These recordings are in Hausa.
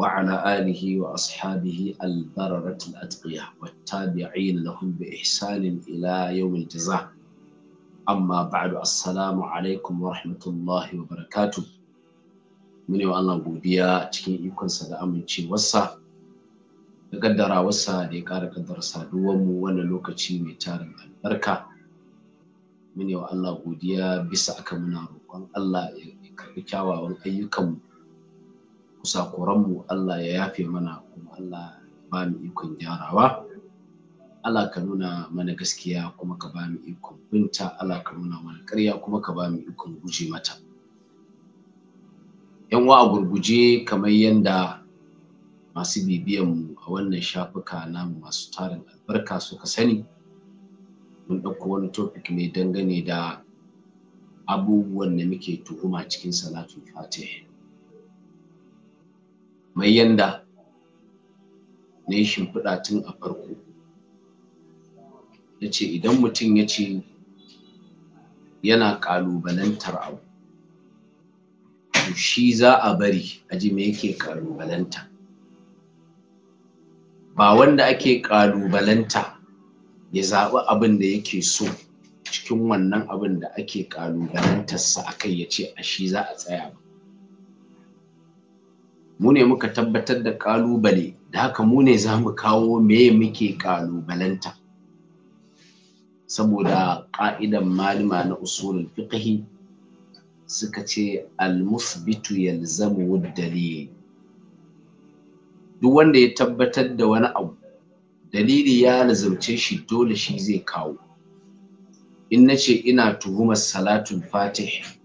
وعلى آله وأصحابه البررة الأتقية والتابعين لهم بإحسان إلى يوم الجزاء أما بعد السلام عليكم ورحمة الله وبركاته muni wa Allah godiya cikin ikonsa da amincewarsa da kaddarawarsa da ya ƙara kaddara saduwarmu wannan lokaci mai tarin albarka muni wa Allah godiya bisa aka muna roƙon Allah ya karɓi kyawawan ayyukanmu kusakuranmu Allah ya yafe mana kuma Allah ba mu ikon gyarawa Allah ka nuna mana gaskiya kuma ka ba mu ikon binta Allah ka nuna mana ƙarya kuma ka ba mu ikon guje mata yan wa gurguje kamar yadda masu bibiyanmu a wannan shafuka namu masu tarin albarka suka sani mun ɗauko wani topic ne dangane da abubuwan da muke tuhuma cikin salatul fatih mai yanda na yi shimfiɗa tun a farko na ce idan mutum ya ce yana ƙalubalantar abu to shi za a bari a ji me yake ƙalubalanta ba wanda ake ƙalubalanta ya zaɓi abin da yake so cikin wannan abin da ake ƙalubalantarsa a kai ya ce a shi za a tsaya ba mu ne muka tabbatar da ƙalubale da haka mu ne za mu kawo me muke ƙalubalanta saboda ƙa'idan malima na usulul fiqhi suka ce almusbitu yalzamu dalil duk wanda ya tabbatar da wani abu dalili ya lazumce shi dole shi zai kawo in nace ina tuhumar salatul fatih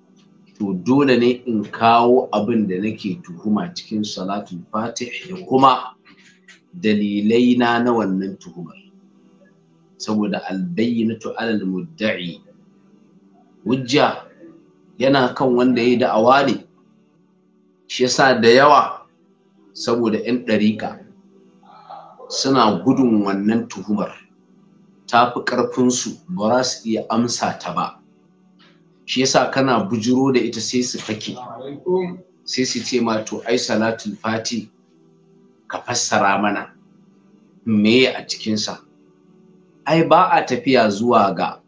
to dole ne in kawo abin da nake tuhuma cikin salatul fatih da kuma dalilai na na wannan tuhumar saboda albayyinatu alal mudda'i hujja yana kan wanda ya yi da'awa ne shi yasa da yawa saboda 'yan ɗarika suna gudun wannan tuhumar ta fi ƙarfinsu ba za su iya amsa ta ba shi yasa kana bujiro da ita sai su fake sai su ce ma to ai salatul fati ka fassara mana meye a cikinsa ai ba a tafiya zuwa ga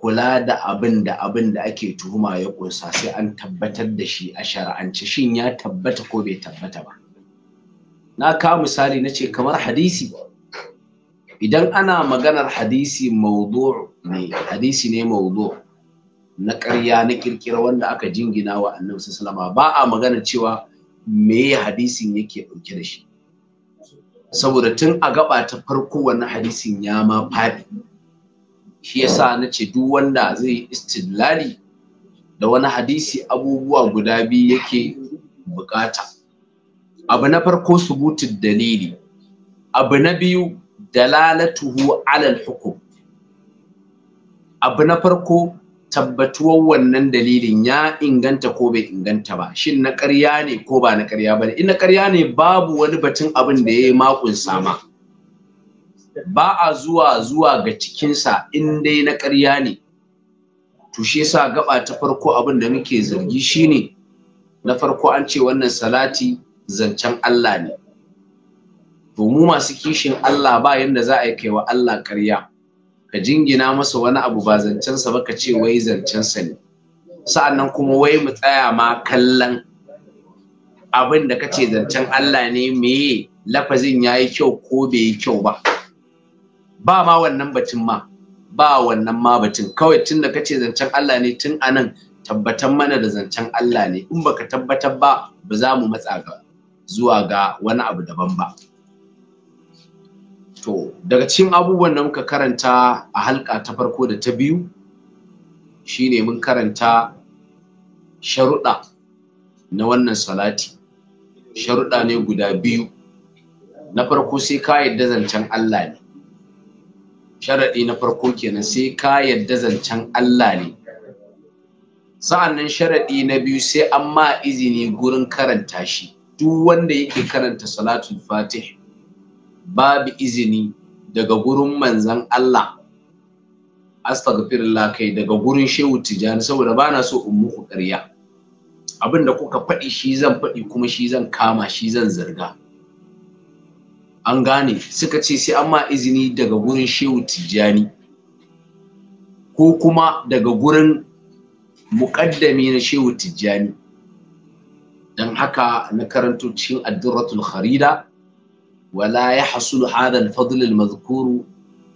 kula da abin da abin da ake tuhuma ya kunsa sai an tabbatar da shi a shara'ance shin ya tabbata ko bai tabbata ba na ka misali na ce kamar hadisi idan ana maganar hadisi maudu ne hadisi ne maudu na ƙarya na kirkira wanda aka jingina wa annabi sallama ba a magana cewa me hadisin yake ɗauke da shi saboda tun a gaba ta farko wannan hadisin ya ma faɗi shi yasa na ce duk wanda zai yi istidlali da wani hadisi abubuwa guda biyu yake bukata abu na farko subutin dalili abu na biyu dalalatuhu alal hukum abu na farko tabbatuwar wannan dalilin ya inganta ko bai inganta ba shin na ƙarya ne ko ba na ƙarya ba ne in na ƙarya ne babu wani batun abin da ya yi makon sama ba a zuwa zuwa ga cikinsa in dai na ƙarya ne to shi yasa gaba ta farko abin da muke zargi shine na farko an ce wannan salati zancen Allah ne to mu masu kishin Allah ba yanda za a yi kaiwa Allah ƙarya ka jingina masa wani abu ba zancensa ba ka ce wai zancensa ne sa'annan kuma wai mu tsaya ma kallon abin da kace zancen Allah ne meye lafazin ya yi kyau ko bai yi kyau ba ba ma wannan batun ma ba wannan ma batun kawai tun da kace zancen Allah ne tun anan tabbatar mana da zancen Allah ne in baka tabbatar ba ba za mu matsa ga zuwa ga wani abu daban ba to daga cikin abubuwan da muka karanta a halka ta farko da ta biyu shine mun karanta sharuɗa na wannan salati sharuɗa ne guda biyu na farko sai ka yadda zancen Allah ne sharaɗi na farko kenan sai ka yadda zancen Allah ne sa'annan sharaɗi na biyu sai an ma izini gurin karanta shi duk wanda yake karanta salatul fatih babu izini daga gurin manzan Allah astaghfirullah kai daga gurin shehu tijani saboda ba na so in muku ƙarya abin da kuka faɗi shi zan faɗi kuma shi zan kama shi zan zarga an gane suka ce sai an ma izini daga gurin shehu tijani ko kuma daga gurin muƙaddami na shehu tijjani don haka na karanto cikin addurratul kharida ولا يحصل هذا الفضل المذكور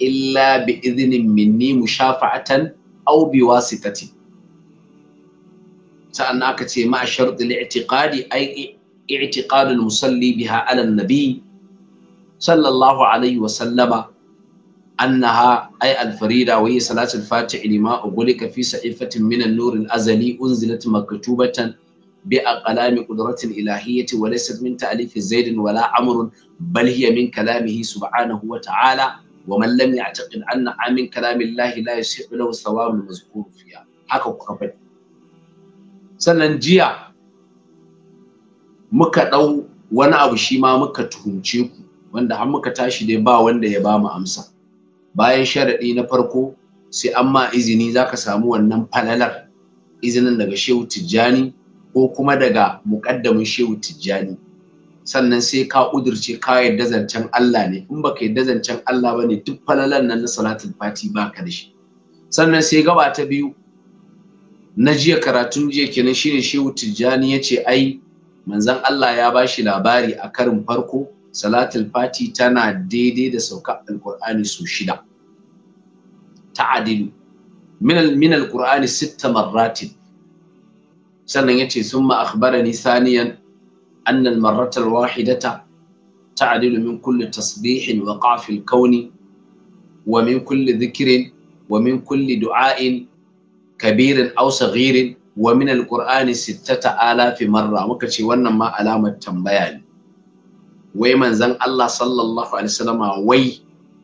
إلا بإذن مني مشافعة أو بواسطة سأناك مع شرط الاعتقاد أي اعتقاد المصلي بها على النبي صلى الله عليه وسلم أنها أي الفريدة وهي صلاة الفاتح لما أقولك في صحيفة من النور الأزلي أنزلت مكتوبة بأقلام قدرة الإلهية وليست من تأليف زيد ولا أمر بل هي من كلامه سبحانه وتعالى ومن لم يعتقد أن من كلام الله لا يشهد له الثواب المذكور فيها haka kuka faɗi sannan jiya muka ɗau wani abu shi ma muka tuhumce ku wanda har muka tashi dai ba wanda ya ba mu amsa bayan sharaɗi na farko sai an ma izini za ka samu wannan falalar izinin daga shehu tijjani ko kuma daga muƙaddamin shehu tijjani sannan sai ka udurce ka yadda zancen Allah ne in baka yadda zancen Allah ba duk falalan nan na salatul fati baka da shi sannan sai gaba ta biyu na jiya karatun jiya kenan shine shehu tijjani ya ce ai manzon Allah ya bashi labari a karin farko salatul fati tana daidai da sauka alqur'ani su shida ta'adilu min al min alqur'ani sitta marratin sannan ya ce sun ma akhbara nisaniyan annal marratar wahidata ta adilu min tasbihin wa ƙafil kauni wa min kulli zikirin wa min kulli du'a'in kabirin aw saghirin wa min alqur'ani sittata alafi marra muka ce wannan ma alamar tambaya ne wai manzon Allah sallallahu alaihi wasallama wai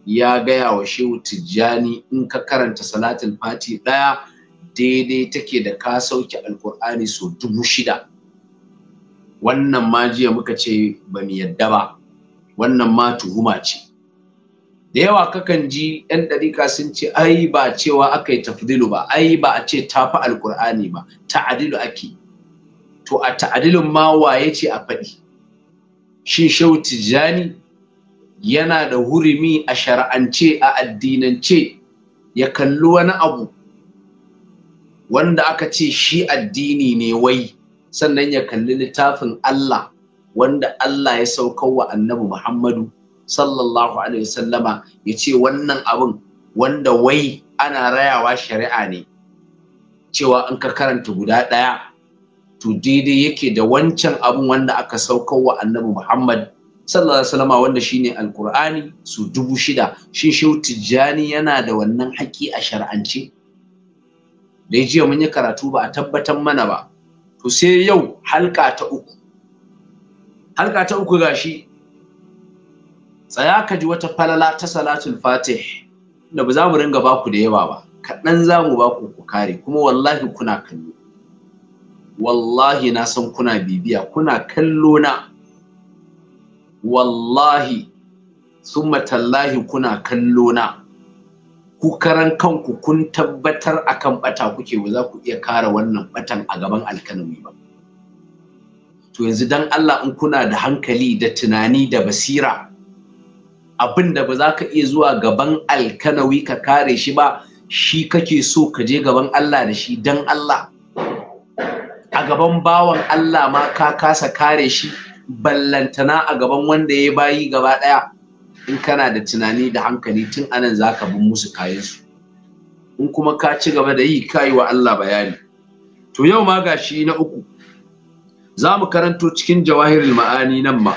ya gaya wa shehu tijjani in ka karanta salatul fati ɗaya? daidai take da ka sauke alkur'ani so dubu shida wannan ma jiya muka ce ba mu yadda ba wannan ma tuhuma ce da yawa kakan ji 'yan ɗariƙa sun ce ai ba cewa aka yi tafdilu ba ai ba a ce tafi alkur'ani ba ta'adilu ake to a ta'adilin ma waye ce a faɗi shin shau tijjani yana da hurumi a shara'ance a addinance ya kalli wani abu wanda aka ce shi addini ne wai sannan ya kalli littafin Allah wanda Allah ya saukar wa annabi Muhammadu sallallahu alaihi wasallama ya ce wannan abin wanda wai ana rayawa shari'a ne cewa in ka karanta guda ɗaya to daidai yake da wancan abin wanda aka saukar wa annabi Muhammad sallallahu alaihi wasallama wanda shine Alqur'ani, su dubu shida shin shi tijjani yana da wannan haƙi a shar'ance da jiya mun yi karatu ba a tabbatar mana ba to sai yau halka ta uku halka ta uku gashi tsaya ka ji wata falala ta salatul fatih da ba za mu ringa baku da yawa ba kaɗan za mu ku ku kare kuma wallahi kuna kallo wallahi na san kuna bibiya kuna kallo na wallahi summa tallahi kuna kallo na ku karan kanku kun tabbatar akan bata kuke ba za ku iya kare wannan batan a gaban alkalami ba to yanzu dan Allah in kuna da hankali da tunani da basira abin da ba za ka iya zuwa gaban alkanawi ka kare shi ba shi kake so ka je gaban Allah da shi dan Allah a gaban bawan Allah ma ka kasa kare shi ballantana a gaban wanda ya bayi gaba ɗaya in kana da tunani da hankali tun anan za ka bin musu kayansu in kuma ka ci gaba da yi kayi wa Allah bayani to yau ma gashi na uku za mu karanto cikin jawahirul ma'ani nan ma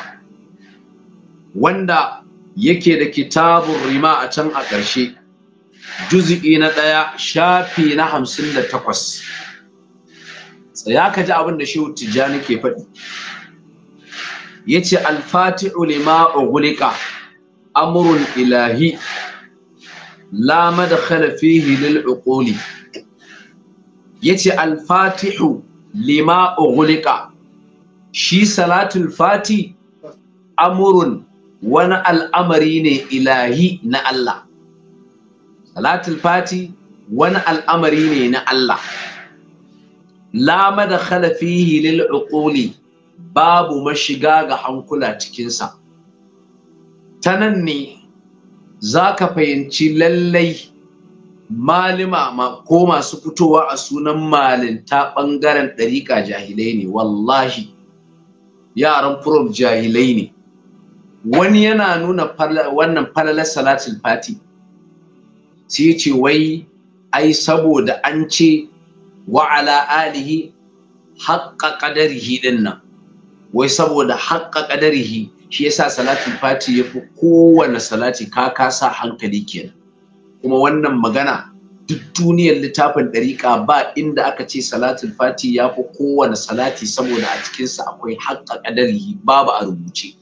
wanda yake da kitabun rima a can a ƙarshe juzi'i na ɗaya shafi na hamsin da takwas tsaya ka ji abin da shehu tijjani ke faɗi ya ce alfati'u lima ugulika amrun ilahi la madkhala fihi lil uquli yace al-fatihu lima ughliqa shi salatul fati amurun wani al'amari ne ilahi na Allah salatul fati wani al'amari ne na Allah la madkhala fihi lil babu mashiga ga hankula cikinsa ta nan ne za ka fahimci lallai malima ko masu fitowa a sunan malinta ɓangaren ɗariƙa jahilai ne wallahi yaran furof jahilai ne wani yana nuna wannan falalar salatul fati sai ce wai ai saboda an ce wa ala alihi haƙa ƙadarihi hidin nan wai saboda haƙƙa ƙadarihi shi yasa salatin fati ya fi kowane salati ka kasa hankali kenan kuma wannan magana duk duniyar littafin ɗariƙa ba inda aka ce salatin fati ya fi kowane salati saboda a cikinsa akwai haƙƙa ƙadarihi babu a rubuce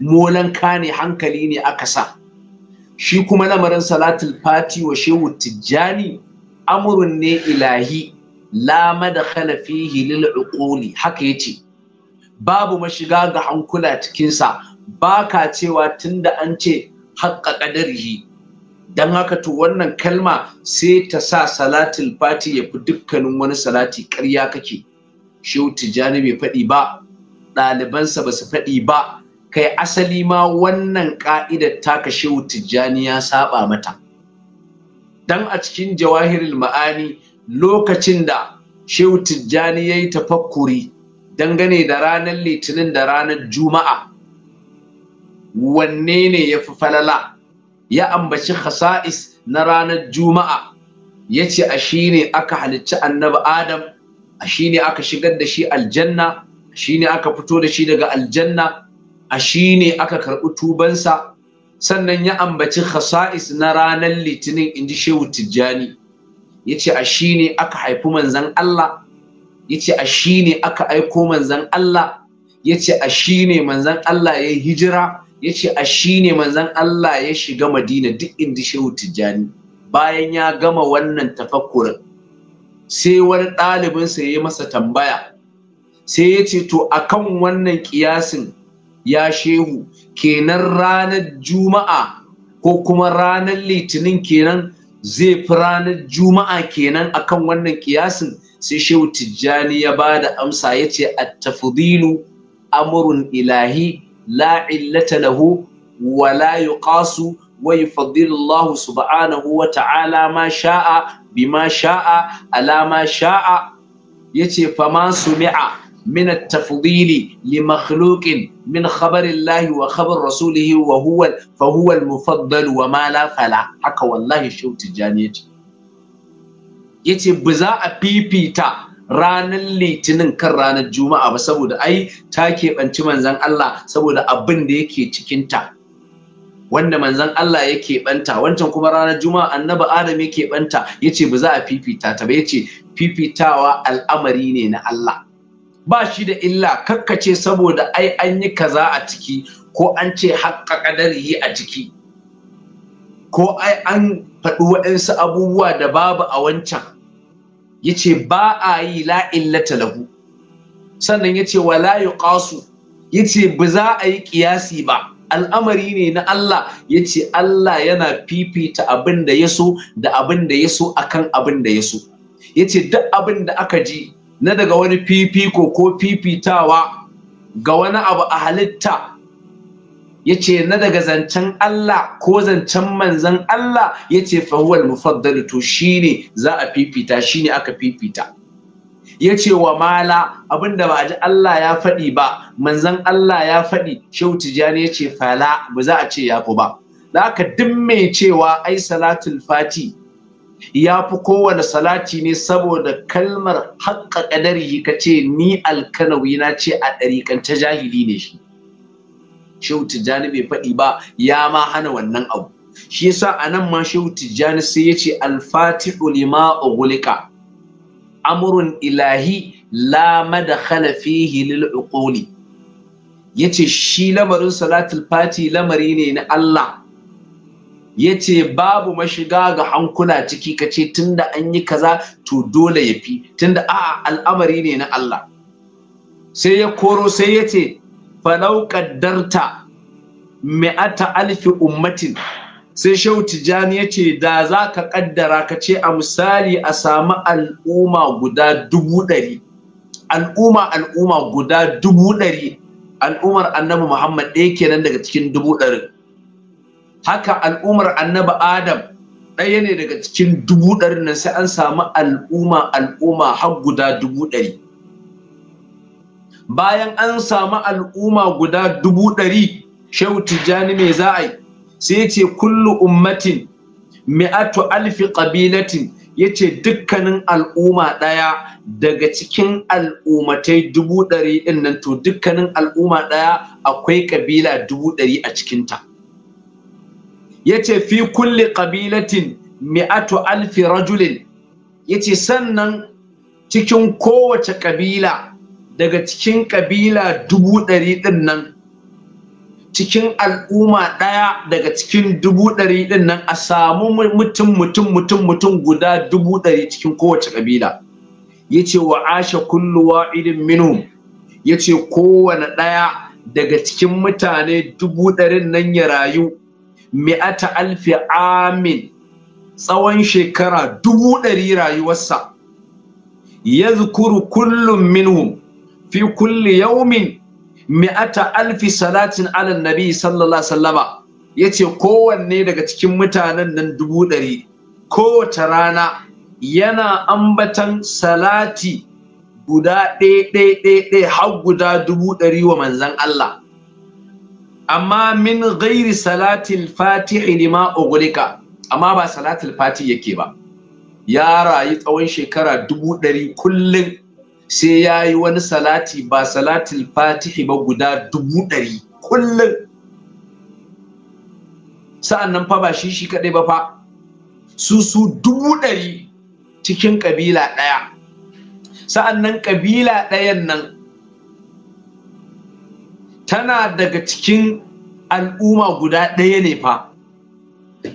molan kane hankali ne aka sa shi kuma lamarin salatul fati wa shehu tijjani amurin ne ilahi la madakhala fihi lil uquli haka yace babu mashiga ga hankula cikinsa ba ka cewa tunda an ce haƙƙa ƙadarihi don haka to wannan kalma sai ta sa salatul fati ya fi dukkanin wani salati ƙarya kake shi tijjani bai faɗi ba ɗalibansa ba su faɗi ba kai asali ma wannan ƙa'idar taka shehu tijjani ya saba mata dan a cikin jawahirul ma'ani lokacin da shehu tijjani ya yi tafakkuri dangane da ranar litinin da ranar juma'a wanne ne ya fi falala ya ambaci khasa'is na ranar juma'a ya ce a shi ne aka halicci annabi adam a shi ne aka shigar da shi aljanna a shi ne aka fito da shi daga aljanna a shi ne aka karɓi tubansa sannan ya ambaci khasa'is na ranar litinin in ji shehu tijjani ya ce a shi ne aka haifi manzan Allah yace a shine aka aiko manzon Allah yace a shine manzon Allah ya hijira yace a shine manzon Allah ya shiga Madina duk inda Shehu Tijjani bayan ya gama wannan tafakkurin sai wani ɗalibinsa ya masa tambaya sai ya ce to akan wannan kiyasin ya shehu kenan ranar juma'a ko kuma ranar litinin kenan zai fi ranar juma'a kenan akan wannan kiyasin sai shehu tijjani ya ba da amsa ya ce at-tafdilu amrun ilahi la illata lahu wa la yuqasu wa yufaddilu Allah subhanahu wa ta'ala ma sha'a bima sha'a ala ma sha'a yace fa ma sumi'a من التفضيل لمخلوق من خبر الله وخبر رسوله وهو فهو المفضل وما لا فلا haka wallahi shehu tijjani yace yace ba za a fifita ranar litinin kan ranar juma'a ba saboda ai ta keɓanci manzan Allah saboda abin da yake cikinta wanda manzon Allah ya keɓanta wancan kuma ranar juma'a annabi adam ya keɓanta yace ba za a fifita ta ba yace fifitawa al'amari ne na Allah ba shi da illa karkace saboda ai an yi kaza a ciki ko an ce haƙƙa yi a ciki ko ai an faɗi waɗansu abubuwa da babu a wancan ya ce ba a yi la illata lahu sannan ya ce wa la ƙasu ya ce ba za a yi ƙiyasi ba al'amari ne na Allah ya ce Allah yana fifita abin da ya so da abin da ya so akan abin da ya so ya ce duk abin da aka ji na daga wani fifiko ko fifitawa ga wani abu a halitta ya ce na daga zancen Allah ko zancen manzan Allah ya ce fahuwal mufaddalu to shi ne za a fifita shi ne aka fifita ya ce wa mala abinda ba a ji Allah ya faɗi ba manzan Allah ya faɗi shehu tijjani ya ce fala ba za a ce ya fi ba da aka duk cewa ai salatul fati ya fi kowane salati ne saboda kalmar haƙƙa ƙadari ka ce ni alkanawi na ce a ɗarikanta jahili ne shi shehu tijjani bai faɗi ba ya ma hana wannan abu shi yasa a nan ma shehu tijjani sai ya ce AlFati Ulima ugulika amrun ilahi la madkhala fihi lil uquli yace shi lamarin salatul fati lamari ne na Allah ya ce babu mashiga ga hankula ciki ka ce da an yi kaza to dole ya fi Tun da a'a al'amari ne na Allah sai ya koro sai ya ce falau kaddarta mi'ata alfi ummatin sai shau tijani ya ce da za ka kaddara ka ce a misali a sami al'umma guda dubu ɗari al'umma al'umma guda dubu ɗari al'ummar annabi muhammad ɗaya kenan daga cikin dubu ɗarin haka al'umar annabi adam ɗaya ne daga cikin dubu ɗari nan sai an samu al'umma al'umma har guda dubu ɗari bayan an samu al'umma guda dubu ɗari shehu tijjani mai za a yi sai ce kullu ummatin mi'atu alfi ƙabilatin ya ce dukkanin al'umma ɗaya daga cikin al'ummatai dubu ɗari ɗin nan to dukkanin al'umma ɗaya akwai ƙabila dubu ɗari a cikinta Ya ce, fi kulle ƙabilatin mi'atu alfi rajulin ce, sannan cikin kowace kabila daga cikin kabila dubu ɗari ɗin nan cikin al'umma ɗaya daga cikin dubu ɗari ɗin nan a samu mutum mutum mutum mutum guda dubu ɗari cikin kowace kabila ce, wa kulluwa irin wa'idin Ya ce, kowane ɗaya daga cikin mutane dubu ɗarin nan ya rayu mi'ata alfi amin tsawon shekara dubu ɗari rayuwarsa ya zukuru kullum minhu, fi kulli yaumin mi'ata alfi salatin ala nabi sallallahu sallama ya ce kowanne daga cikin mutanen nan dubu ɗari kowace rana yana ambatan salati guda ɗaya ɗaya ɗaya har guda dubu ɗari wa manzan Allah amma min ghairi salatil fatihi lima ughliqa amma ba salatil fatihi yake ba ya rayu tsawon shekara dubu ɗari kullum sai ya yi wani salati ba salatil fatihi ba guda dubu ɗari kullum sa'an nan fa ba shi shi kaɗai ba fa su su dubu ɗari cikin ƙabila ɗaya sa'an nan ƙabila ɗayan nan tana daga cikin al'umma guda ɗaya ne fa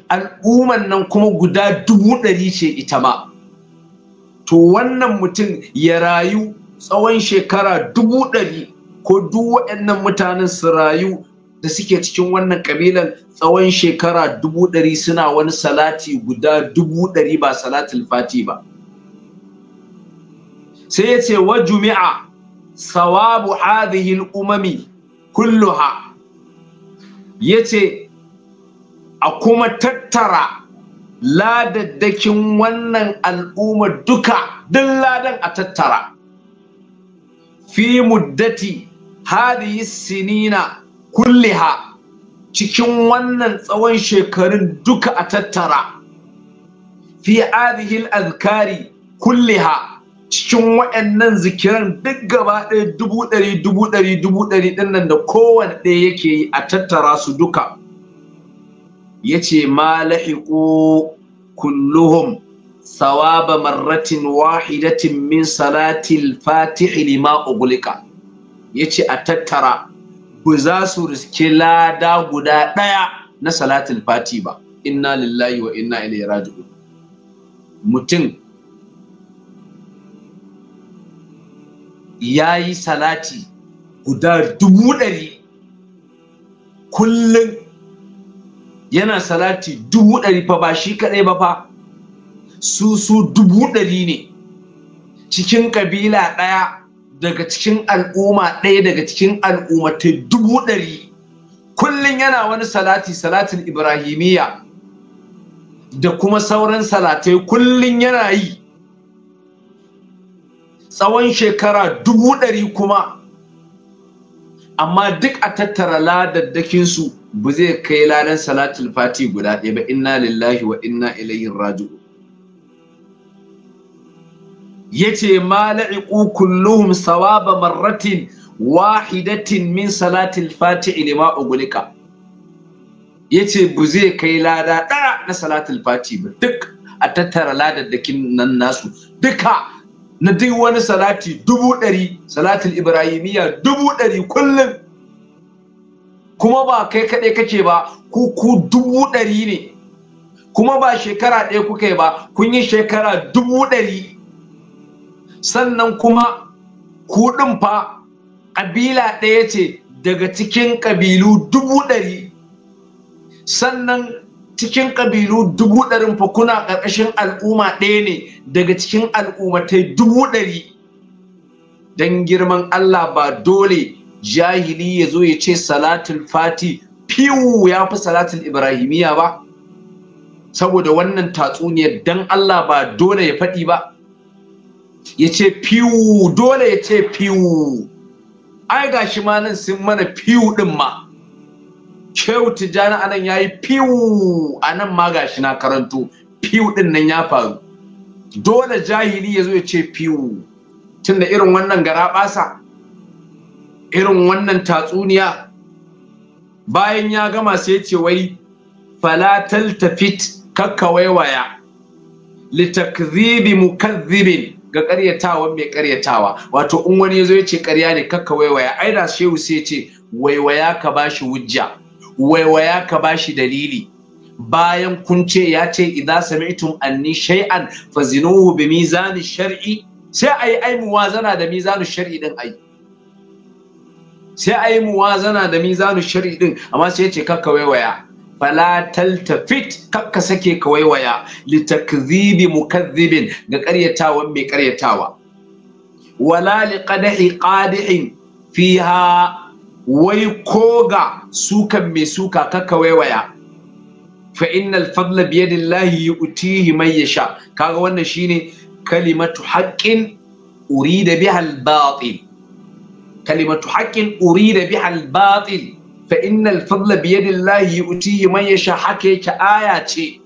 al'umman nan kuma guda dubu ɗari ce ita ma to wannan mutum ya rayu tsawon shekara dubu ɗari ko duk waɗannan mutanen su rayu da suke cikin wannan ƙabilan tsawon shekara dubu ɗari suna wani salati guda dubu ɗari ba salatul fati ba sai ya ce wa jumi'a sawabu hadhihi umami kulluha yace a kuma tattara ladaddakin wannan al'umma duka duk ladan a tattara fi muddati hadhihi sinina kulliha cikin wannan tsawon shekarun duka a tattara fi hadhihi al-azkari kulliha cikin waɗannan zikiran duk gaba ɗaya dubu ɗari dubu ɗari dubu ɗari ɗin nan da kowane ɗaya yake yi a tattara su duka ya ce ma la'iƙo kulluhum sawaba marratin wahidatin min salatil fatihi lima ugulika ya ce a tattara ku za su riske lada guda ɗaya na salatil fati ba inna lillahi wa inna ilaihi raji'un mutum ya yi salati guda dubu ɗari kullum yana salati dubu ɗari fa ba shi kaɗai ba fa su su dubu ɗari ne cikin ƙabila ɗaya daga cikin al'umma ɗaya daga cikin al'ummatai dubu ɗari kullum yana wani salati salatin ibrahimiyya da kuma sauran salatai kullum yana yi tsawon shekara dubu ɗari kuma amma duk a tattara ladaddakinsu ba zai kai ladan salatul fati guda ɗaya ba inna lillahi wa inna ilayhi raji'un yace mala'iku kulluhum sawaba marratin wahidatin min salatil fati lima ugulika yace bu zai kai lada ɗaya na salatul fati ba duk a tattara ladaddakin nan nasu duka na duk wani salati dubu ɗari salatin ibrahimiyya dubu ɗari kullum kuma ba kai kaɗai kake ba ku ku dubu ɗari ne kuma ba shekara ɗaya kuka yi ba kun yi shekara dubu ɗari sannan kuma ku ɗin fa ƙabila ɗaya ce daga cikin ƙabilu dubu ɗari sannan cikin ƙabilu dubu ɗarin fa kuna ƙarƙashin al'umma ɗaya ne daga cikin al'ummatai dubu ɗari don girman Allah ba dole jahili ya zo ya ce salatul fati fiwu ya fi salatul ibrahimiya ba saboda wannan tatsuniyar don Allah ba dole ya faɗi ba ya ce fiwu dole ya ce fiwu ai gashi ma nan sun mana fiwu ɗin ma Shehu Tijjani anan ya yi fiwu anan ma gashi na karanto fiwu din nan ya faru dole jahili ya zo ya ce fiwu tunda irin wannan garaɓasa irin wannan tatsuniya bayan ya gama sai ya ce wai falatal tafit kakka waiwaya litakzibi mukazzibin ga karyatawa mai ƙaryatawa wato in wani ya zo ya ce ƙarya ne kaka waiwaya ai shehu sai ce waiwaya ka bashi wujja waiwaya ka bashi dalili bayan kun ce ya ce idza sami'tum anni shay'an fazinuhu bi mizani shar'i sai ayi ai muwazana da mizanu shar'i din ai sai ayi muwazana da mizanu shar'i din amma sai ya ce kakka waiwaya fala taltafit kakka sake ka waiwaya litakdhibi mukaththibin ga ƙaryatawan mai ƙaryatawa wala liqadahi qadihin fiha wai koga sukan mai suka kakka waiwaya fa innal fadla biyadillahi yu'tihi man yasha kaga wannan shine kalimatu haqqin urida biha al-batil kalimatu haqqin urida biha al-batil fa innal fadla biyadillahi yu'tihi man yasha haka yake aya ce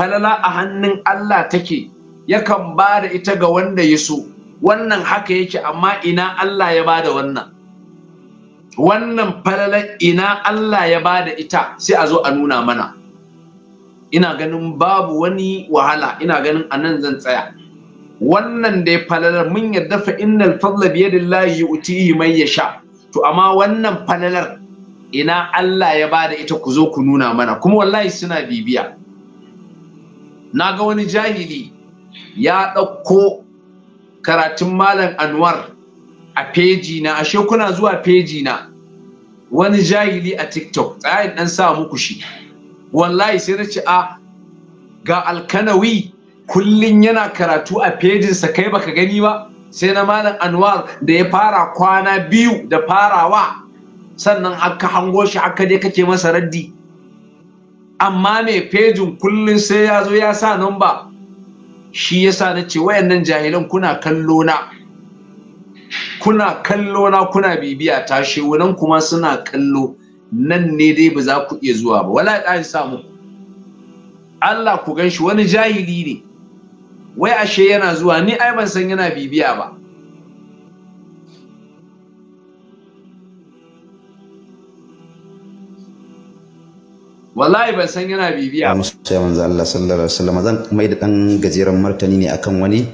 falala a hannun Allah take yakan bada ita ga wanda yaso wannan haka yake amma ina Allah ya bada wannan wannan falalar ina Allah ya ba da ita sai a zo a nuna mana ina ganin babu wani wahala ina ganin anan zan tsaya wannan da ya falalar mun yadda fa innal fadla bi yadillahi yu'tihi man yasha to amma wannan falalar ina Allah ya ba da ita ku zo ku nuna mana kuma wallahi suna bibiya Na ga wani jahili ya ɗauko karatun malam Anwar a peji na ashe kuna zuwa peji na wani jahili a tiktok tsayin dan sa muku shi wallahi sai na ce a ah, ga alkanawi kullun yana karatu a pejinsa kai baka gani ba sai na malam anwar da ya fara kwana biyu da farawa sannan aka hango shi aka dai kake masa raddi amma mai pejin kullun sai ya zo ya sa namba shi yasa na ce wayannan jahilan kuna kallo na kuna kallo na kuna bibiya ta shewunan kuma suna kallo nan ne dai ba za ku iya zuwa ba wala ɗan samu Allah ku gan shi wani jahili ne wai ashe yana zuwa ni ai ban san yana bibiya ba wallahi ban san yana bibiya ba. sai manzo Allah sallallahu alaihi wasallam zan mai da dan gajeren martani ne akan wani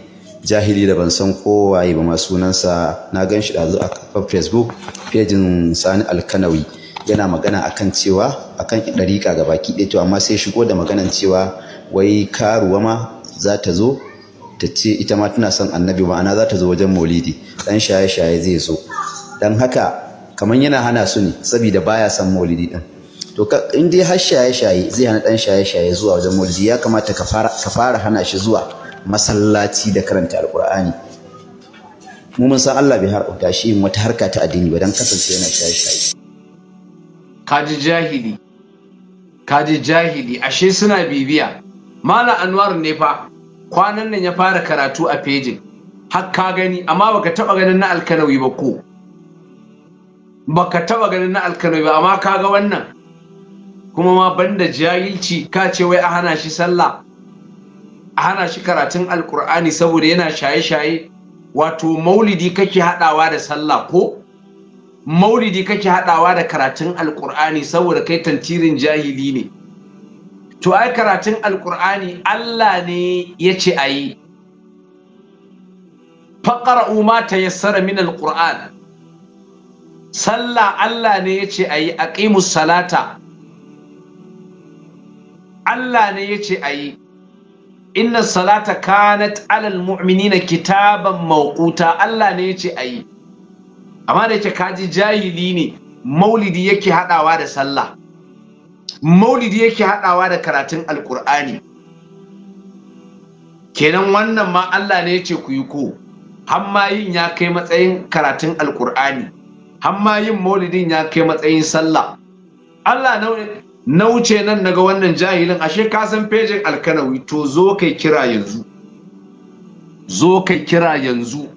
jahili da ban san kowaye ba ma sunansa na gan shi ɗazu a kafar facebook pejin sani alkanawi yana magana akan cewa akan ɗariƙa ga baki ɗaya to amma sai shigo da maganan cewa wai karuwa ma za ta zo ta ce ita ma tana son annabi ma'ana za ta zo wajen maulidi dan shaye-shaye zai zo dan haka kamar yana hana su ne saboda baya son maulidi din to in dai har shaye-shaye zai hana dan shaye-shaye zuwa wajen maulidi ya kamata ka fara hana shi zuwa masallaci da karanta alkur'ani mu mun san Allah bai harauta shi yin wata harka ta addini ba dan kasance yana shaye-shaye kaji jahili kaji jahili ashe suna bibiya mala anwar ne fa kwanan nan ya fara karatu a Pejin. har ka gani amma baka taba ganin na alkanawi ba ko baka taba ganin na alkanawi ba amma kaga wannan kuma ma banda jahilci ka ce wai a hana shi sallah a hana shi karatun alkur'ani saboda yana shaye-shaye wato maulidi kake haɗawa da sallah ko maulidi kake haɗawa da karatun alkur'ani saboda kai tantirin jahili ne to ai karatun alkur'ani allah ne ya ce a yi Faƙar ma ta yassara min alkur'an sallah allah ne ya ce a yi aqimus salata allah ne ya ce a yi inna salata kanat alal mu'minina kitaban mawquta Allah ne yace ayi amma da yake kaji jahili ne maulidi yake hadawa da sallah maulidi yake hadawa da karatun alqur'ani kenan wannan ma Allah ne yace ku yi ko hamma yin ya kai matsayin karatun alkur'ani hamma yin maulidin ya kai matsayin sallah Allah na wuce nan naga wannan jahilin ashe ka san fejin alkanawi to zo kai kira yanzu zo kai kira yanzu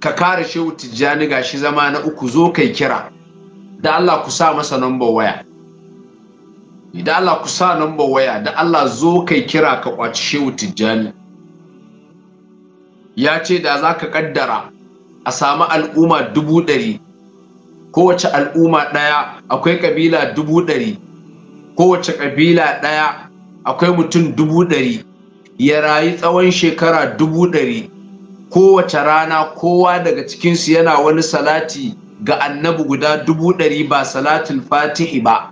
ka kare shehu tijjani gashi zama na uku zo kai kira da Allah ku sa masa number waya da Allah ku sa number waya da Allah zo kai kira ka kwaci shehu tijjani ya ce da za ka kaddara a samu al'umma dubu ɗari kowace al'umma ɗaya akwai ƙabila dubu ɗari kowace ƙabila ɗaya akwai mutum dubu ɗari ya rayu tsawon shekara dubu ɗari kowace rana kowa daga cikinsu yana wani salati ga annabi guda dubu ɗari ba salatin fati'i ba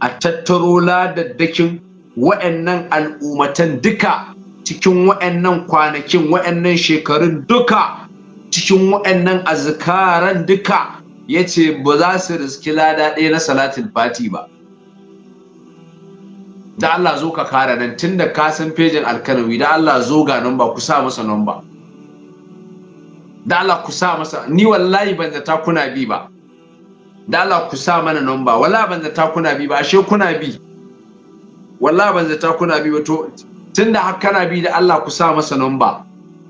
a tattaro ladaddakin wa'annan al'ummatan duka cikin wa'annan kwanakin wa'annan shekarun duka cikin wa'annan azikaran duka ya ce ba za su riski lada ɗaya na salatin fati ba da Allah zo ka kara nan tun da ka san fejin alkanawi da Allah zo ga ba ku sa masa ba da Allah ku sa masa ni wallahi ban zata kuna bi ba da Allah ku sa mana ba wala ban zata kuna bi ba ashe kuna bi wallahi ban zata kuna bi ba to tun da har kana bi da Allah ku sa masa ba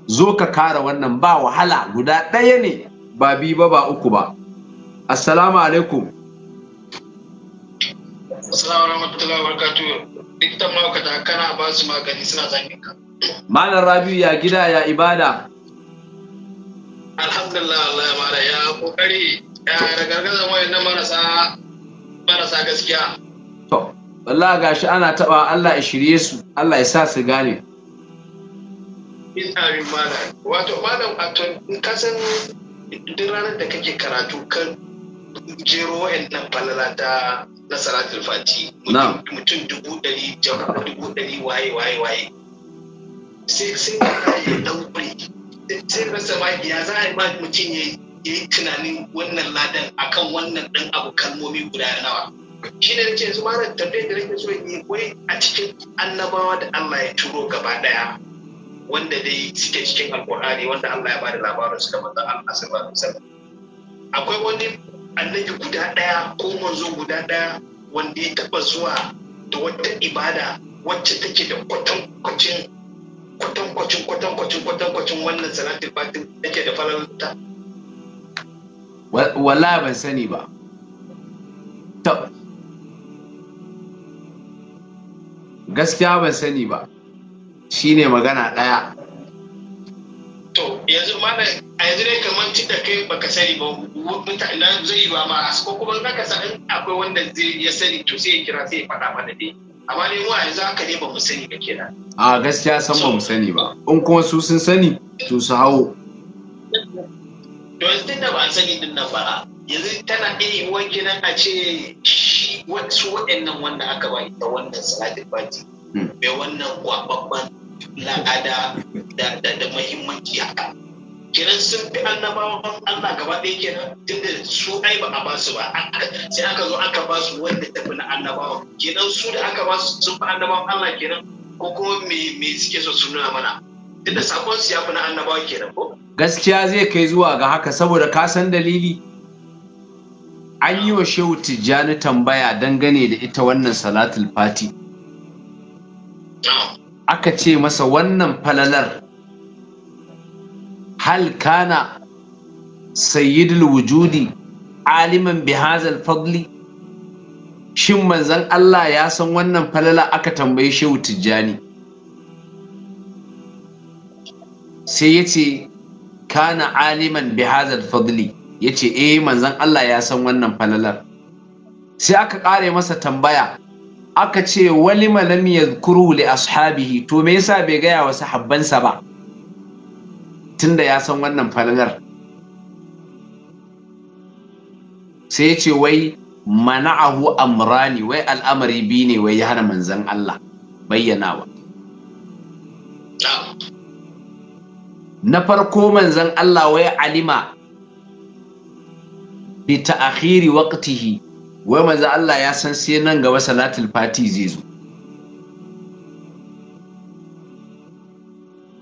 zo ka kara wannan ba wahala guda ɗaya ne ba bi ba ba uku ba assalamu alaikum assalamu rahmatullahi wa barakatuhu likitan mawakata kana ba su magani suna zangin ka malam rabiu ya gida ya ibada alhamdulillah Allah mara ya kokari ya ragargaza wayan na marasa marasa gaskiya to Allah gashi ana taba Allah ya shirye su Allah ya sa su gane ina wato malam a in ka san duk ranar da kake karatu kan jero wa'annan falala ta nasara tilfati fati mutum dubu ɗari jama'a dubu ɗari waye waye waye sai sai ya daure sai ka sama ya za a yi ma mutum ya yi tunanin wannan ladan akan wannan ɗan abu kalmomi guda nawa shi ne nake su mara tafiya da nake so yi wai a cikin annabawa da Allah ya turo gaba daya wanda dai suke cikin alkur'ani wanda Allah ya bada labarin su da manzon Allah sallallahu alaihi wasallam akwai wani annabi guda ɗaya ko manzo guda ɗaya wanda ya taɓa zuwa da wata ibada wacce take da kwatankwacin kwatankwacin kwatankwacin wannan salatul fatin take da falalta wala ban sani ba gaskiya ban sani ba shine magana ɗaya yanzu da a yanzu dai kamar tun da kai baka sani ba mutane zai yi ba ma a ko kuma zaka ka san akwai wanda zai ya sani to sai ya kira sai ya faɗa mana dai amma ne mu a yanzu haka ne ba mu sani ba kira. a gaskiya san ba mu sani ba in kuma su sun sani to su hawo to yanzu tun da ba an sani din nan ba yanzu tana iya wanke nan a ce su waɗannan wanda aka ba ita wannan salatin fati hmm. mai wannan kwababban la'ada da da mahimmanci haka kenan sun fi annabawan Allah gaba ɗaya kenan tunda su ai ba a ba su ba sai aka zo aka ba su wanda tafi na annabawa kenan su da aka ba su sun fi annabawan Allah kenan ko kuma me me suke so su nuna mana tunda sakon su ya fi na annabawa kenan ko gaskiya zai kai zuwa ga haka saboda ka san dalili an yi wa shehu tijjani tambaya dangane da ita wannan salatul fati aka ce masa wannan falalar hal kana sayyidul wujudi aliman bi hazal fadli shin manzan Allah ya san wannan falala aka tambaye shehu tijjani sai ya ce kana aliman bi hazal fadli ya ce eh manzon Allah ya san wannan falalar sai aka ƙare masa tambaya aka ce wali miyar yadhkuru li ashabihi to me yasa bai gaya wa sahabbansa ba tunda ya san wannan falgar sai ya ce wai mana'ahu amrani wai al'amari biyu ne wai ya hana manzan Allah wa. na farko manzan Allah wai alima bi ta'akhiri waqtihi wai manzo Allah ya san sai nan gaba salatul fati zai zo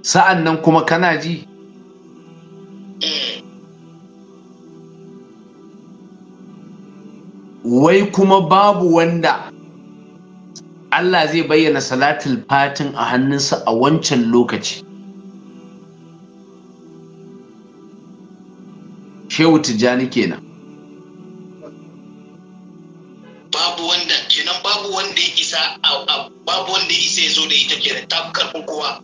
sa'an nan kuma kana ji wai kuma babu wanda Allah zai bayyana salatul fatin a hannunsa a wancan lokaci shehu tijjani kenan babu wanda isa ya zo da ita kenan tafi karfin kowa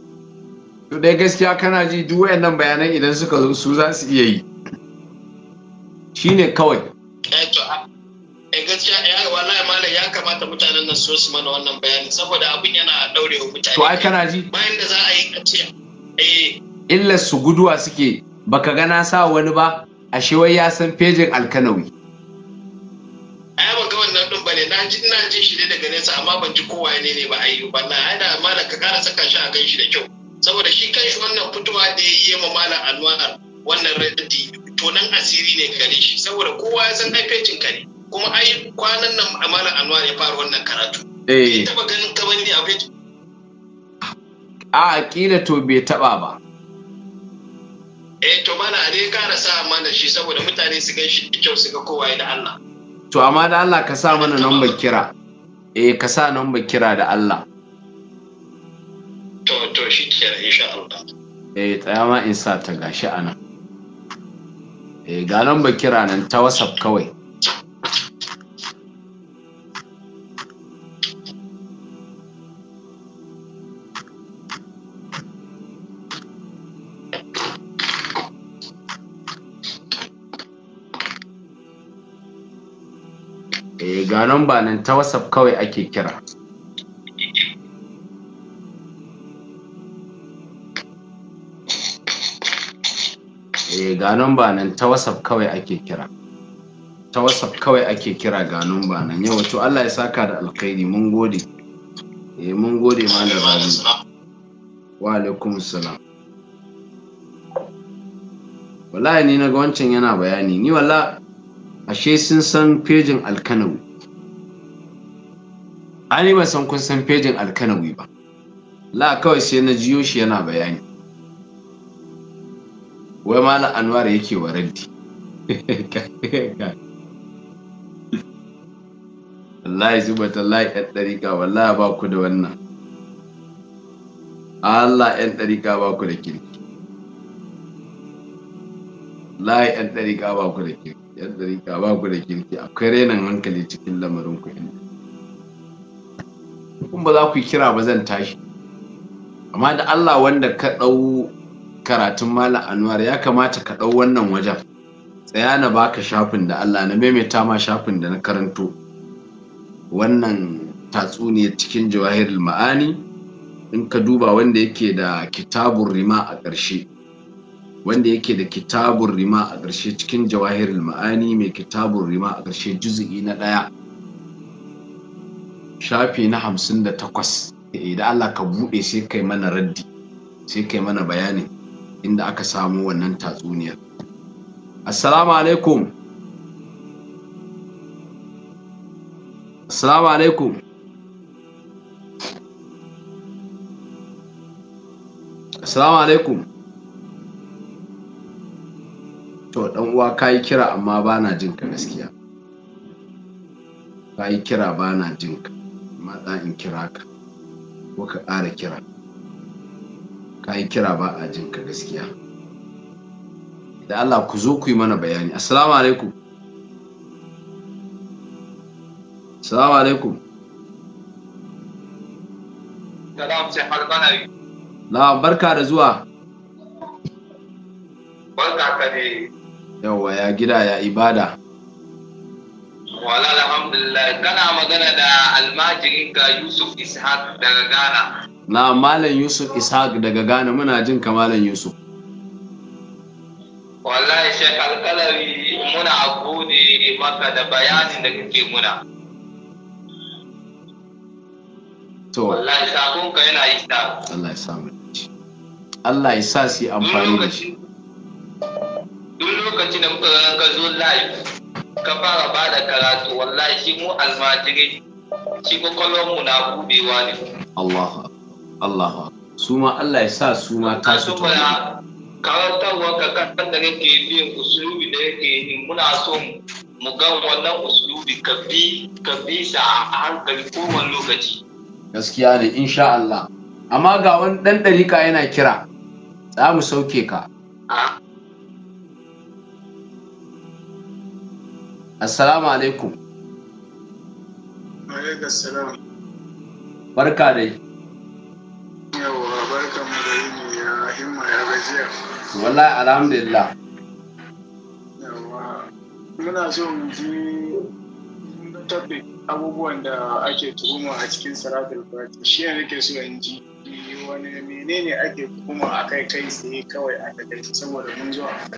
to dai gaskiya kana ji duk wayannan bayanan idan suka zo su za su iya yi Shi ne kawai eh, eh gaskiya ya eh, wallahi malam ya kamata mutanen nan su su mana wannan bayani saboda abin yana wa mutane to ai kana ji bayan da za a yi kace eh illar su guduwa suke baka ga na sa wani ba ashe wai ya san fejin alkanawi ji ina jin shi ne daga nesa amma ban ji kowa ne ne ba ayyu ba na haɗa amma da ka kara saka shi a kan shi da kyau saboda shi kan shi wannan fitowa da ya yi ma malam anwar wannan raddi to nan asiri ne gare shi saboda kowa ya san haifecin ka ne kuma ai kwanan nan a malam anwar ya fara wannan karatu eh. bai taba ganin ka bani a fecin. a kila to bai taba ba eh to mala a dai kara sa da shi saboda mutane su gan shi kyau su ga kowa da Allah to amma da Allah ka sa mana number kira eh ka sa number kira da Allah to to shi kira insha Allah eh tsaya ma in sa ta gashi nan. eh ga number kira nan ta WhatsApp kawai ga lamba nan ta WhatsApp kawai ake kira. Eh ga ba nan ta WhatsApp kawai ake kira. Ta WhatsApp kawai ake kira ga lamba nan yau to Allah ya saka da alkhairi mun gode. Eh mun gode malam Rabi. Wa alaikum salam. Wallahi ni na ga wancan yana bayani ni wallahi ashe sun san fejin alkanawi ani ba san kun san fejin alkanawi ba la kawai sai na jiyo shi yana bayani wai mala anwar yake waranti ya zuba ta tallahi yan ɗariƙa wallahi ba ku da wannan Allah yan ɗariƙa ba ku da kirki wallahi yan ɗariƙa ba ku da kirki yan ɗariƙa ba ku da kirki akwai renan hankali cikin lamarin ku inda. kun ba za ku yi kira ba zan tashi amma da Allah wanda ka ɗau karatun Malam Anwar ya kamata ka ɗau wannan wajen tsaya na baka shafin da Allah na maimaita ma shafin da na karanto wannan tatsuniya cikin jawahirul ma'ani in ka duba wanda yake da kitabun rima a ƙarshe wanda yake da kitabun rima a ƙarshe cikin jawahirul ma'ani mai kitabun rima a ƙarshe juzu'i na ɗaya shafi na hamsin da takwas idan eh, Allah ka buɗe sai kai mana raddi sai kai mana bayani inda aka samu wannan tatsuniyar assalamu alaikum assalamu alaikum assalamu alaikum to dan uwa yi kira amma bana jin ka gaskiya yi kira bana jin ka matsa in kira ka ko ka ƙara kira ka yi kira ba a jin ka gaskiya da Allah ku zo ku yi mana bayani assalamu alaikum assalamu alaikum na barka da zuwa barka ka ne yawa ya gida ya ibada wala alhamdulillah kana magana da almajirin ka yusuf ishaq daga ghana na malam yusuf ishaq daga ghana muna jin ka malam yusuf wallahi shek alkalari muna gode maka da bayanin da kake muna to wallahi ka yana yi Allah ya sa Allah ya sa su amfani da shi duk lokacin da muka ka zo live ka fara ba da karatu wallahi shi mu almajirai shi kwakwalwarmu na budewa ne Allah Allah su ma Allah ya sa su ma ta su ta karantarwa ka kan da yake biyan usulubi da yake yi muna so mu ga wannan usulubi ka bi ka bi sa a hankali kowane lokaci gaskiya ne insha Allah amma ga wani dan dalika yana kira za mu sauke ka ah. Assalamu alaikum. Alaikassalam. Barka dai. Yawwa barka mu da yini ya himma ya gajiya. Wallahi alhamdulillah. Yawwa muna so mu ji tabbi abubuwan da ake tuhuma a cikin salatul fati shi ne ke so in ji wani menene ake tuhuma a kai kai tsaye kawai a takaice saboda mun zo a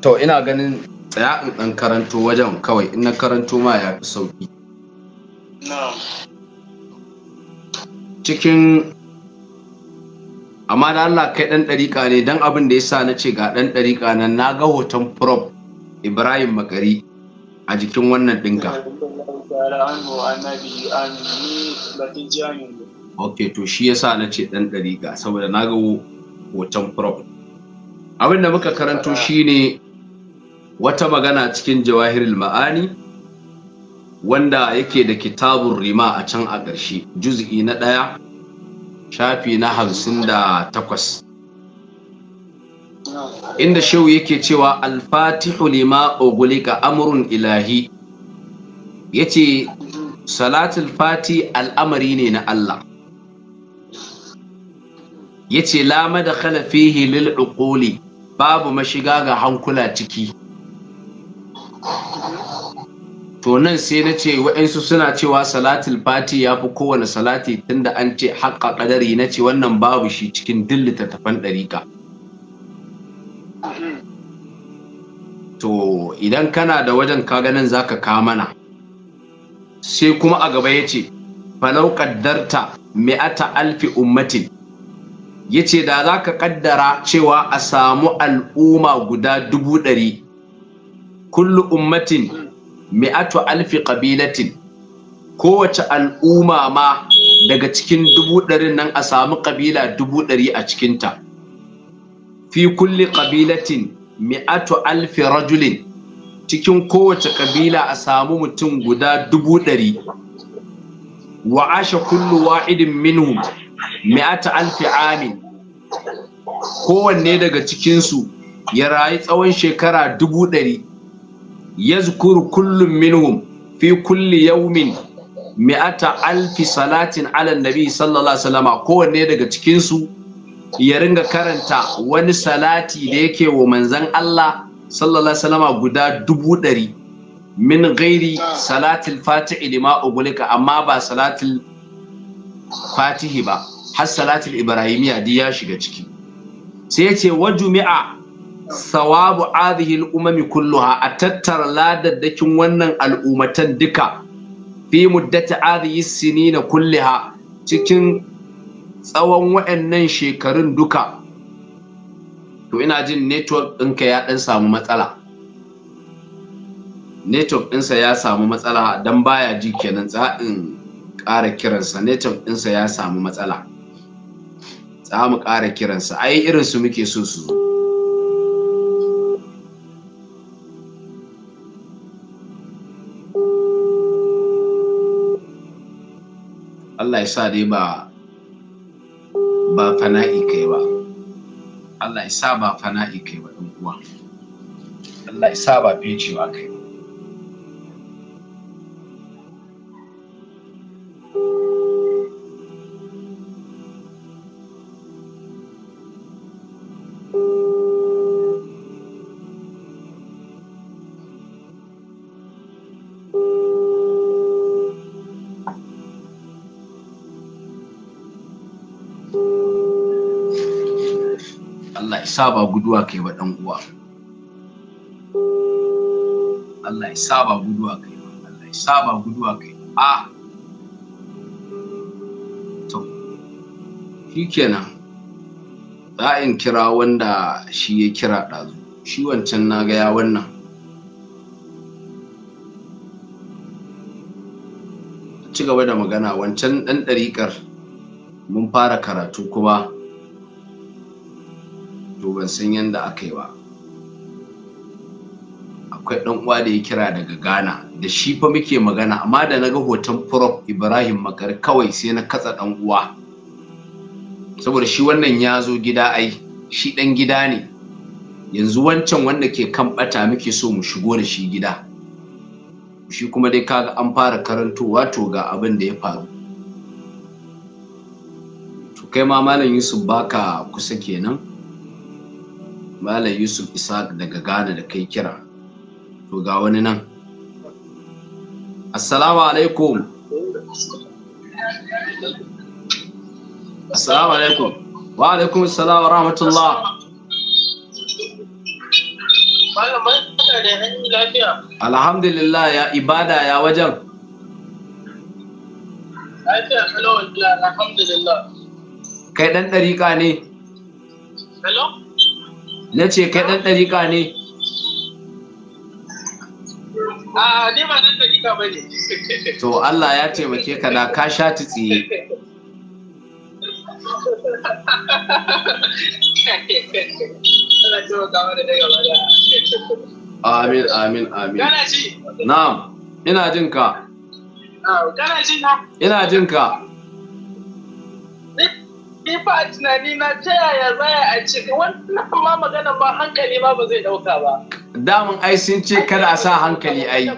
to ina ganin tsaya in ɗan karanto wajen kawai in na karanto ma ya fi sauƙi cikin amma da Allah kai ɗan ɗariƙa ne don abin da ya sa na ce ga ɗan ɗariƙa nan na ga hoton prop Ibrahim Makari a jikin wannan ɗinka. Ok, to shi ya sa na ce ɗan ɗariƙa saboda na ga hoton prop. Abin da muka karanto shi ne wata magana cikin jawahirul ma'ani wanda yake da kitabun rima a can a ƙarshe juz'i na ɗaya shafi na hamsin da takwas inda shehu yake cewa alfatihu lima ogulika amrun ilahi ce salatul fati al'amari ne na Allah yace la lamada fihi lil babu mashiga ga hankula ciki to nan sai na ce wa'insu suna cewa salatul fati ya fi kowane salati tunda an ce haƙa ƙadari na ce wannan babu shi cikin ta littattafan ɗariƙa to idan kana da wajen ka ganin za ka mana sai kuma a gaba ya ce falau ƙaddarta mi'ata alfi ummatin ya ce da za ka ƙaddara cewa a samu al'umma guda dubu ɗari kullu ummatin mi'atu alfi ƙabilatin kowace al'umma ma daga cikin dubu ɗarin nan a samu ƙabila dubu ɗari a cikinta fi kulli ƙabilatin mi'atu alfi rajulin cikin kowace ƙabila a samu mutum guda dubu ɗari wa ashe kullu wa'idin minhum mi'atu alfi amin kowanne daga cikinsu ya rayu tsawon shekara dubu ɗari yazkuru kullum minhum fi kulli yawmin mi'ata alfi salatin ala nabi sallallahu alaihi kowanne daga cikin su ya ringa karanta wani salati da yake wa manzon Allah sallallahu alaihi guda dubu ɗari min gairi salatil fatihi lima ugulika amma ba salatil fatihi ba har salatil ibrahimiya duk ya shiga ciki sai ya ce wa jumi'a sawabu hadhihi al-umami kulluha a tattara ladaddakin wannan al'ummatan duka fi muddati hadhihi sinina kulliha cikin tsawon wa'annan shekarun duka to ina jin network ɗinka ya ɗan samu matsala network ɗinsa ya samu matsala don baya ji kenan in ƙara kiransa network ɗinsa ya samu matsala za mu ƙara kiransa ai su muke so su zo Allah ya sa dai ba ba fana'i kai ba Allah ya sa ba fana'i kai ba ɗan uwa Allah ya sa ba fecewa kai ba saba guduwa kai ba dan uwa Allah ya saba guduwa kai ba Allah ya saba guduwa kai a to kenan za in kira wanda shi ya kira ɗazu shi wancan na gaya wannan ci gaba da magana wancan ɗan ɗariƙar mun fara karatu kuma to ban san yadda aka yi ba akwai ɗan uwa da ya kira daga ghana da shi fa muke magana amma da na ga hoton prof ibrahim makar kawai sai na katsa ɗan uwa saboda shi wannan ya zo gida ai shi ɗan gida ne yanzu wancan wanda ke kan ɓata muke so mu shigo da shi gida shi kuma dai kaga an fara karantowa to ga abin da ya faru to kai ma malam yusuf baka kusa kenan Malam Yusuf Isaac daga Ghana da kai kira. To ga wani nan. Assalamu alaikum. Assalamu alaikum. Wa alaikum assalam wa rahmatullah. Alhamdulillah ya ibada ya wajen. Lafiya kalau alhamdulillah. Kai ɗan ɗariƙa ne? Hello? na ce kai ɗan ɗariƙa ne a ni ma ɗan ɗariƙa ba ne to Allah ya taimake ka na ka sha tsiye Amin, amin, amin. Kana ji? Na'am, ina jin ka. Kana ji na? Ina jin ka. ni ba tunani na ta yaya za a ce wannan ma magana ba hankali ma ba zai dauka ba damun ai sun ce kada a sa hankali ai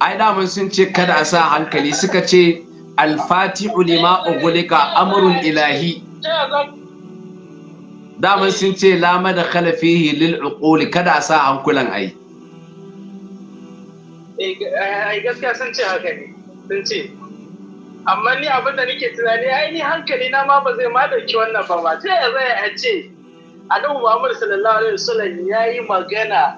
ai damun sun ce kada a sa hankali suka ce alfatihu lima ugulika amrun ilahi damun sun ce lama da khalafihi lil uquli kada a sa hankulan ai eh, eh, ai gaskiya sun ce haka ne sun ce amma ni abin da nake tunani ai ni hankali na ma ba zai ma dauki wannan ba ba sai ya zai a ce annabi Muhammad sallallahu alaihi wasallam yayi magana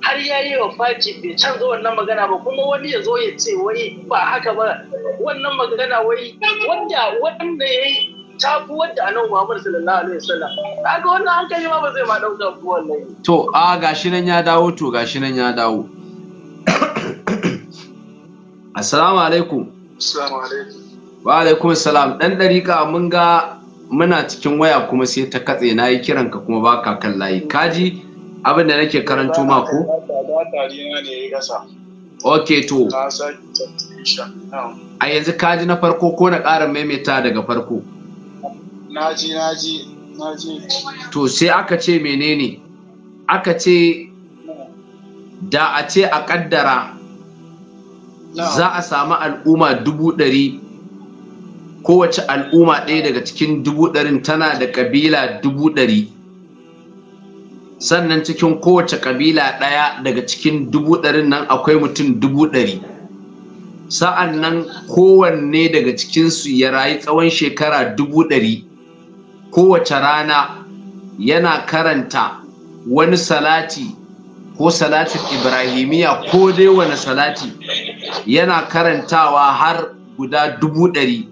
har yayi wa faci bai canza wannan magana ba kuma wani ya zo ya ce wai ba haka ba wannan magana wai wanda wanda yayi tafi wadda annabi Muhammad sallallahu alaihi wasallam kaga wannan hankali ma ba zai ma dauka wannan to a gashi nan ya dawo to gashi nan ya dawo Assalamu alaikum. Wa alaikum salam ɗan ɗarika mun ga muna cikin waya kuma sai ta katse na yi kiran ka kuma baka kan layi kaji abin da nake karanto ma ku? Ok to. A yanzu kaji na farko ko na ƙarin maimaita daga farko? Naji naji naji. To sai aka ce menene? Aka ce da a ce a ƙaddara za a samu al'umma dubu ɗari kowace al'umma ɗaya daga cikin dubu ɗarin tana da ƙabila dubu ɗari sannan cikin kowace ƙabila ɗaya daga cikin dubu ɗarin nan akwai mutum dubu ɗari sa'an nan kowanne daga cikinsu ya rayu tsawon shekara dubu ɗari kowace rana yana karanta wani salati ko salatin ibrahimiya ko dai wani salati yana karantawa har guda dubu ɗari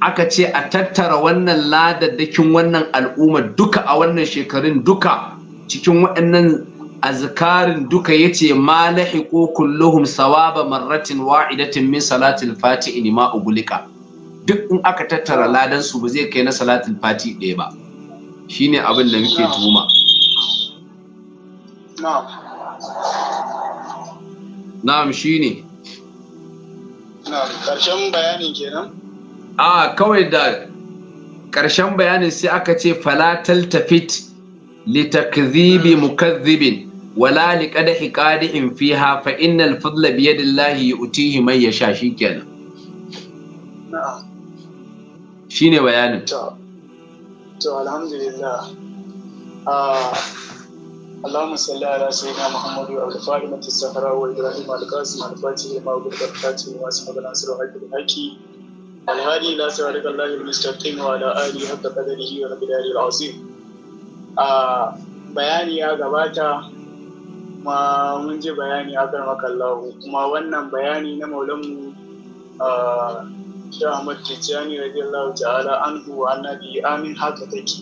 aka ce a tattara wannan ladadakin wannan al'umma duka a wannan shekarun duka cikin waɗannan azkarin duka ya ce ma lahiqo kulluhum sawaba marratin wa'idatin min salatin fati in ma ugulika duk in aka tattara ladan su ba zai kai na salatin fati ɗaya ba shine abin da muke tuhuma na'am shi ne. karshen bayanin kenan a kawai da karshen bayanin sai aka ce falatal tafit litakdhibi hmm. mukadhibin wala liqadhi qadihin fiha fa innal fadla bi yadillahi yu'tihi man yasha shikenan ne bayanin to alhamdulillah ah, Alamun Sallwa ya dace na Muhammadu Waɗi Fahimad ta saka Ibrahim Al-Qasi na Al-Fatihah ma'aikodin Fati wa asibiti na asirin haƙƙi ɗin Al-Hadi da ta saka rikar lahiru Mista King wa al'adu hari haka ta kalli hira na gidajen Bayani ya gabata, ma mun ji bayani akar ma kallon kuma wannan bayani na maulen mu ta maƙicciyani na jin lalur jihar da an bu amin haka take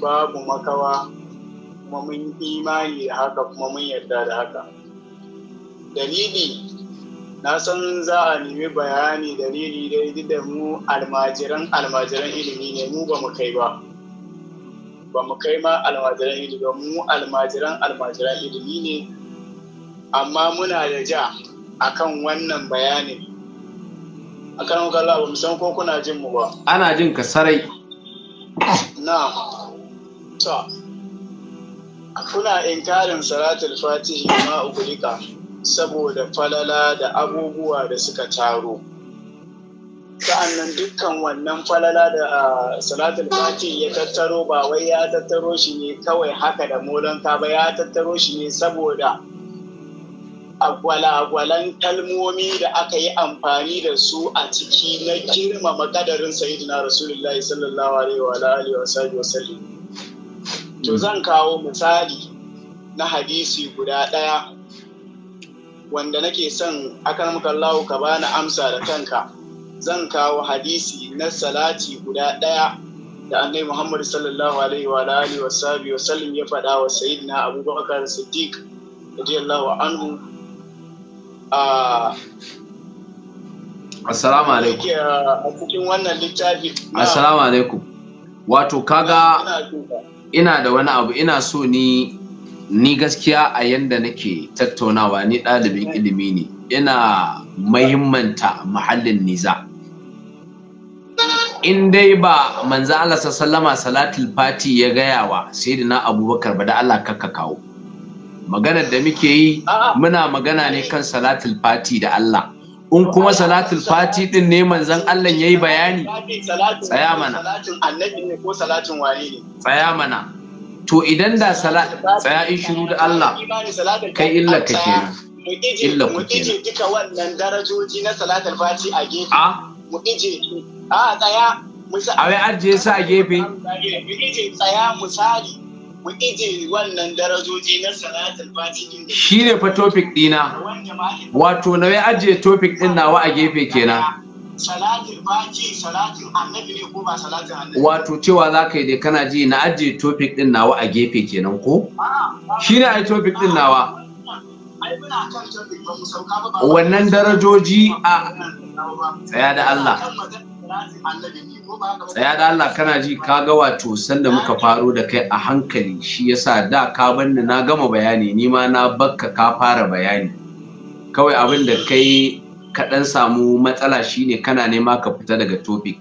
babu makawa. kuma mun imani da haka kuma mun yarda da haka dalili na san za a nemi bayani dalili dai da mu almajiran almajiran ilimi ne mu ba mu kai ba ba mu kai ma almajiran ilimi ba mu almajiran almajiran ilimi ne amma muna da ja a kan wannan bayanin akan kalla ba mu san ko kuna jin mu ba ana jin ka sarai na to kuna inkarin salatul fatihi ma ubulika saboda falala da abubuwa da suka taro sa'annan dukkan wannan falala da salatul fatihi ya tattaro ba wai ya tattaro shi ne kawai haka da molanka ba ya tattaro shi ne saboda agwalagwalan kalmomi da aka yi amfani da su a ciki na girmama kadarin sayyidina rasulullahi sallallahu alaihi wa alihi wa sallam To zan kawo misali na hadisi guda ɗaya wanda nake son akan kallahu ka bani amsa da kanka zan kawo hadisi na salati guda ɗaya da annai Muhammadu sallallahu alaihi wa alihi wa sabi wa sallim ya faɗa wa sayyidina Abubakar Siddiq radiyallahu anhu a Assalamu alaikum. A cikin wannan littafi. Assalamu alaikum. Wato kaga ina da wani abu ina so ni ni gaskiya a yanda nake tattaunawa ni ɗalibin ilimi ne ina mahimmanta muhallin niza in dai ba manzo Allah sallama salatul fati ya gaya wa sayyidina abubakar ba da Allah kakka kawo maganar da muke yi muna magana ne kan salatul fati da Allah in kuma salatul fati din ne manzon Allah yayi bayani tsaya mana annabi ne ko salatin wani ne tsaya mana to idan da salat tsaya in shiru da Allah kai illa ka ke illa ku ke duka wannan darajoji na salatul fati a gefe a mu ije a tsaya mu sa a wai ajiye su a gefe tsaya misali mu ije shi ne fa topic dina wato na wai ajiye topic din nawa a gefe kenan wato cewa za ka yi dai kana ji na ajiye topic din nawa a gefe kenan ko shi ne ai topic din nawa wannan darajoji a tsaya da Allah tsaya da Allah kana ji ka ga wato sanda muka faro da kai a hankali shi yasa da ka banni na gama bayani ni ma na bakka ka fara bayani kawai abin da kai ka dan samu matsala shine kana nema ka fita daga topic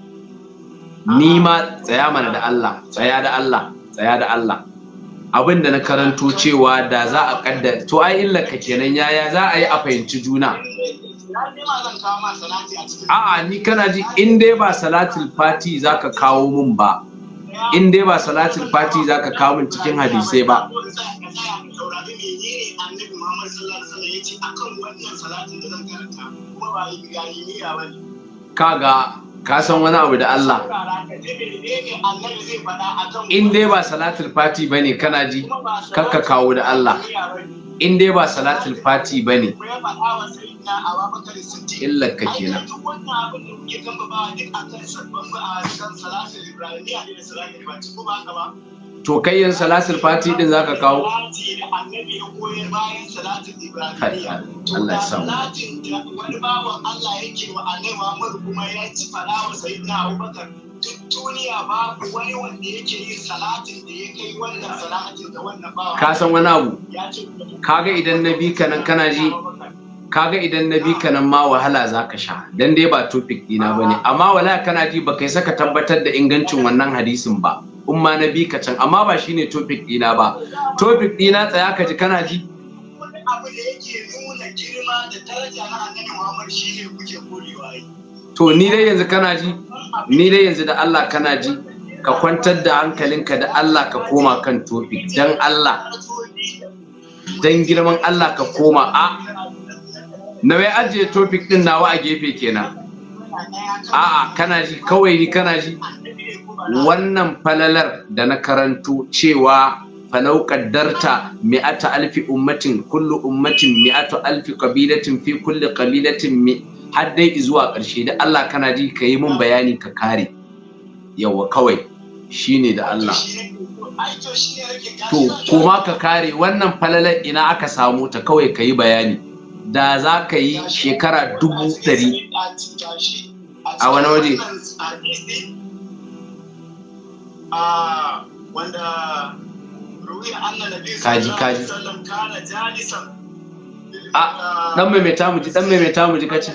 ni ma tsaya mana da Allah tsaya da Allah tsaya da Allah abin da na karanto cewa da za a kaddar to ai illa ka kenan yaya za a yi a fahimci juna a'a ni kana ji in dai ba salatul fati zaka kawo mun ba in dai ba salatul fati zaka kawo mun cikin hadisai ba kaga ka san wani abu da Allah in dai ba salatul fati bane kana ji kakka kawo da Allah in dai ba salatul fati bane illar ka kenan to kai yin salatul fati din zaka kawo annabi Allah ya samu wani bawan Allah yake wa annabi Muhammad kuma ya ci fara wa sayyidina Abubakar duk duniya babu wani wanda yake yin salatin da wannan salatin da wannan bawan ka san wani abu kaga idan na bi ka nan kana ji kaga idan na bi ka nan ma wahala za ka sha dan dai ba topic dina bane amma wala kana ji baka yi saka tabbatar da ingancin wannan hadisin ba Umma na bi ka can amma ba shine topic dina ba topic dina tsaya ka ji kana ji to ni dai yanzu kana ji ni dai yanzu da Allah kana ji ka kwantar da hankalinka da Allah ka koma kan topic dan Allah dan girman Allah ka koma a na wai ajiye topic din nawa a gefe kenan a'a kana ji kawai ni kana ji wannan falalar da na karanto cewa falau kaddarta mi'ata alfi ummatin kullu ummatin mi'atu alfi qabilatin fi kulli qabilatin har dai zuwa ƙarshe da Allah kana ji ka yi min bayani ka kare yawa kawai shine da Allah to kuma ka kare wannan falalar ina aka samu ta kawai ka yi bayani da za ka yi shekara dubu dari a wani waje kaji kaji a dan mai meta muji dan mai meta muji kace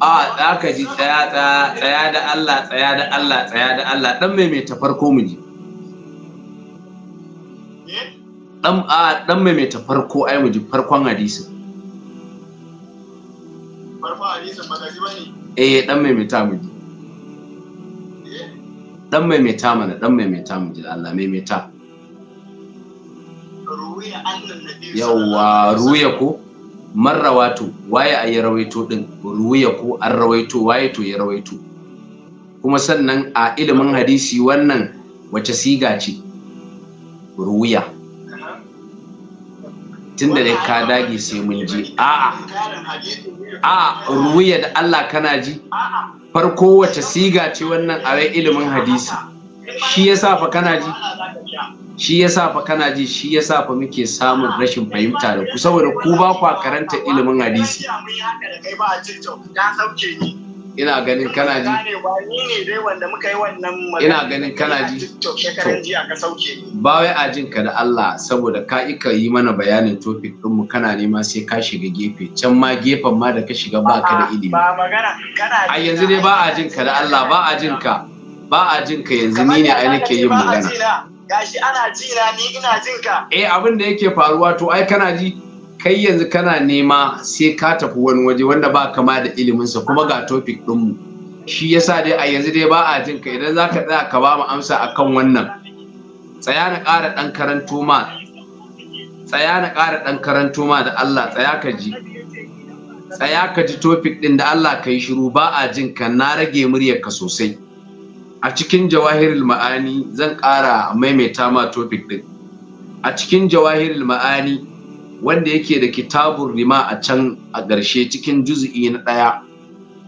a da ka ji tsaya tsaya da Allah tsaya da Allah tsaya da Allah dan mai meta farko muji dan a dan maimaita farko ai muji farkon hadisi farkon hadisin ba gaji bane eh dan maimaita muji eh? dan maimaita mana dan maimaita muji Allah maimaita ruwaya annan nabi yawa ruwaya ko marrawatu waye a yi rawaito din ruwaya ko an rawaito waye to ya rawaito kuma sannan a ilimin hadisi wannan wace siga ce ruwaya tun da ka dage sai mun ji a'a a ruwiya da Allah kana ji farko wace siga ce wannan a rai ilimin hadisi shi yasa fa kana ji shi yasa fa kana ji shi yasa fa muke samun rashin fahimta da ku saboda ku ba ku karanta ilimin hadisi ina ganin kana ji ina ganin kana ji to ba wai a jin ka da Allah saboda ka ika yi mana bayanin topic din mu kana nema sai ka shiga gefe can ma gefen ma da ka shiga ba ka da ilimi a yanzu ne ba a jin ka da Allah ba a jin ka ba a jin ka yanzu ni ne ai nake yin magana gashi ana ji na ni ina jin ka eh abin da yake faruwa to ai kana ji kai yanzu kana nema sai ka tafi wani waje wanda ba kama da iliminsa kuma ga topic ɗinmu shi yasa dai a yanzu dai ba a jin ka idan za ka tsaya ka ba mu amsa akan wannan tsaya na ƙara ɗan karanto ma tsaya na ƙara ɗan karanto ma da Allah tsaya ka ji tsaya ka ji topic ɗin da Allah ka yi shiru ba a jin ka na rage muryar ka sosai a cikin jawahirul ma'ani zan ƙara maimaita ma topic ɗin a cikin jawahirul ma'ani wanda yake da kitabun rima a can a ƙarshe cikin juzu'i na ɗaya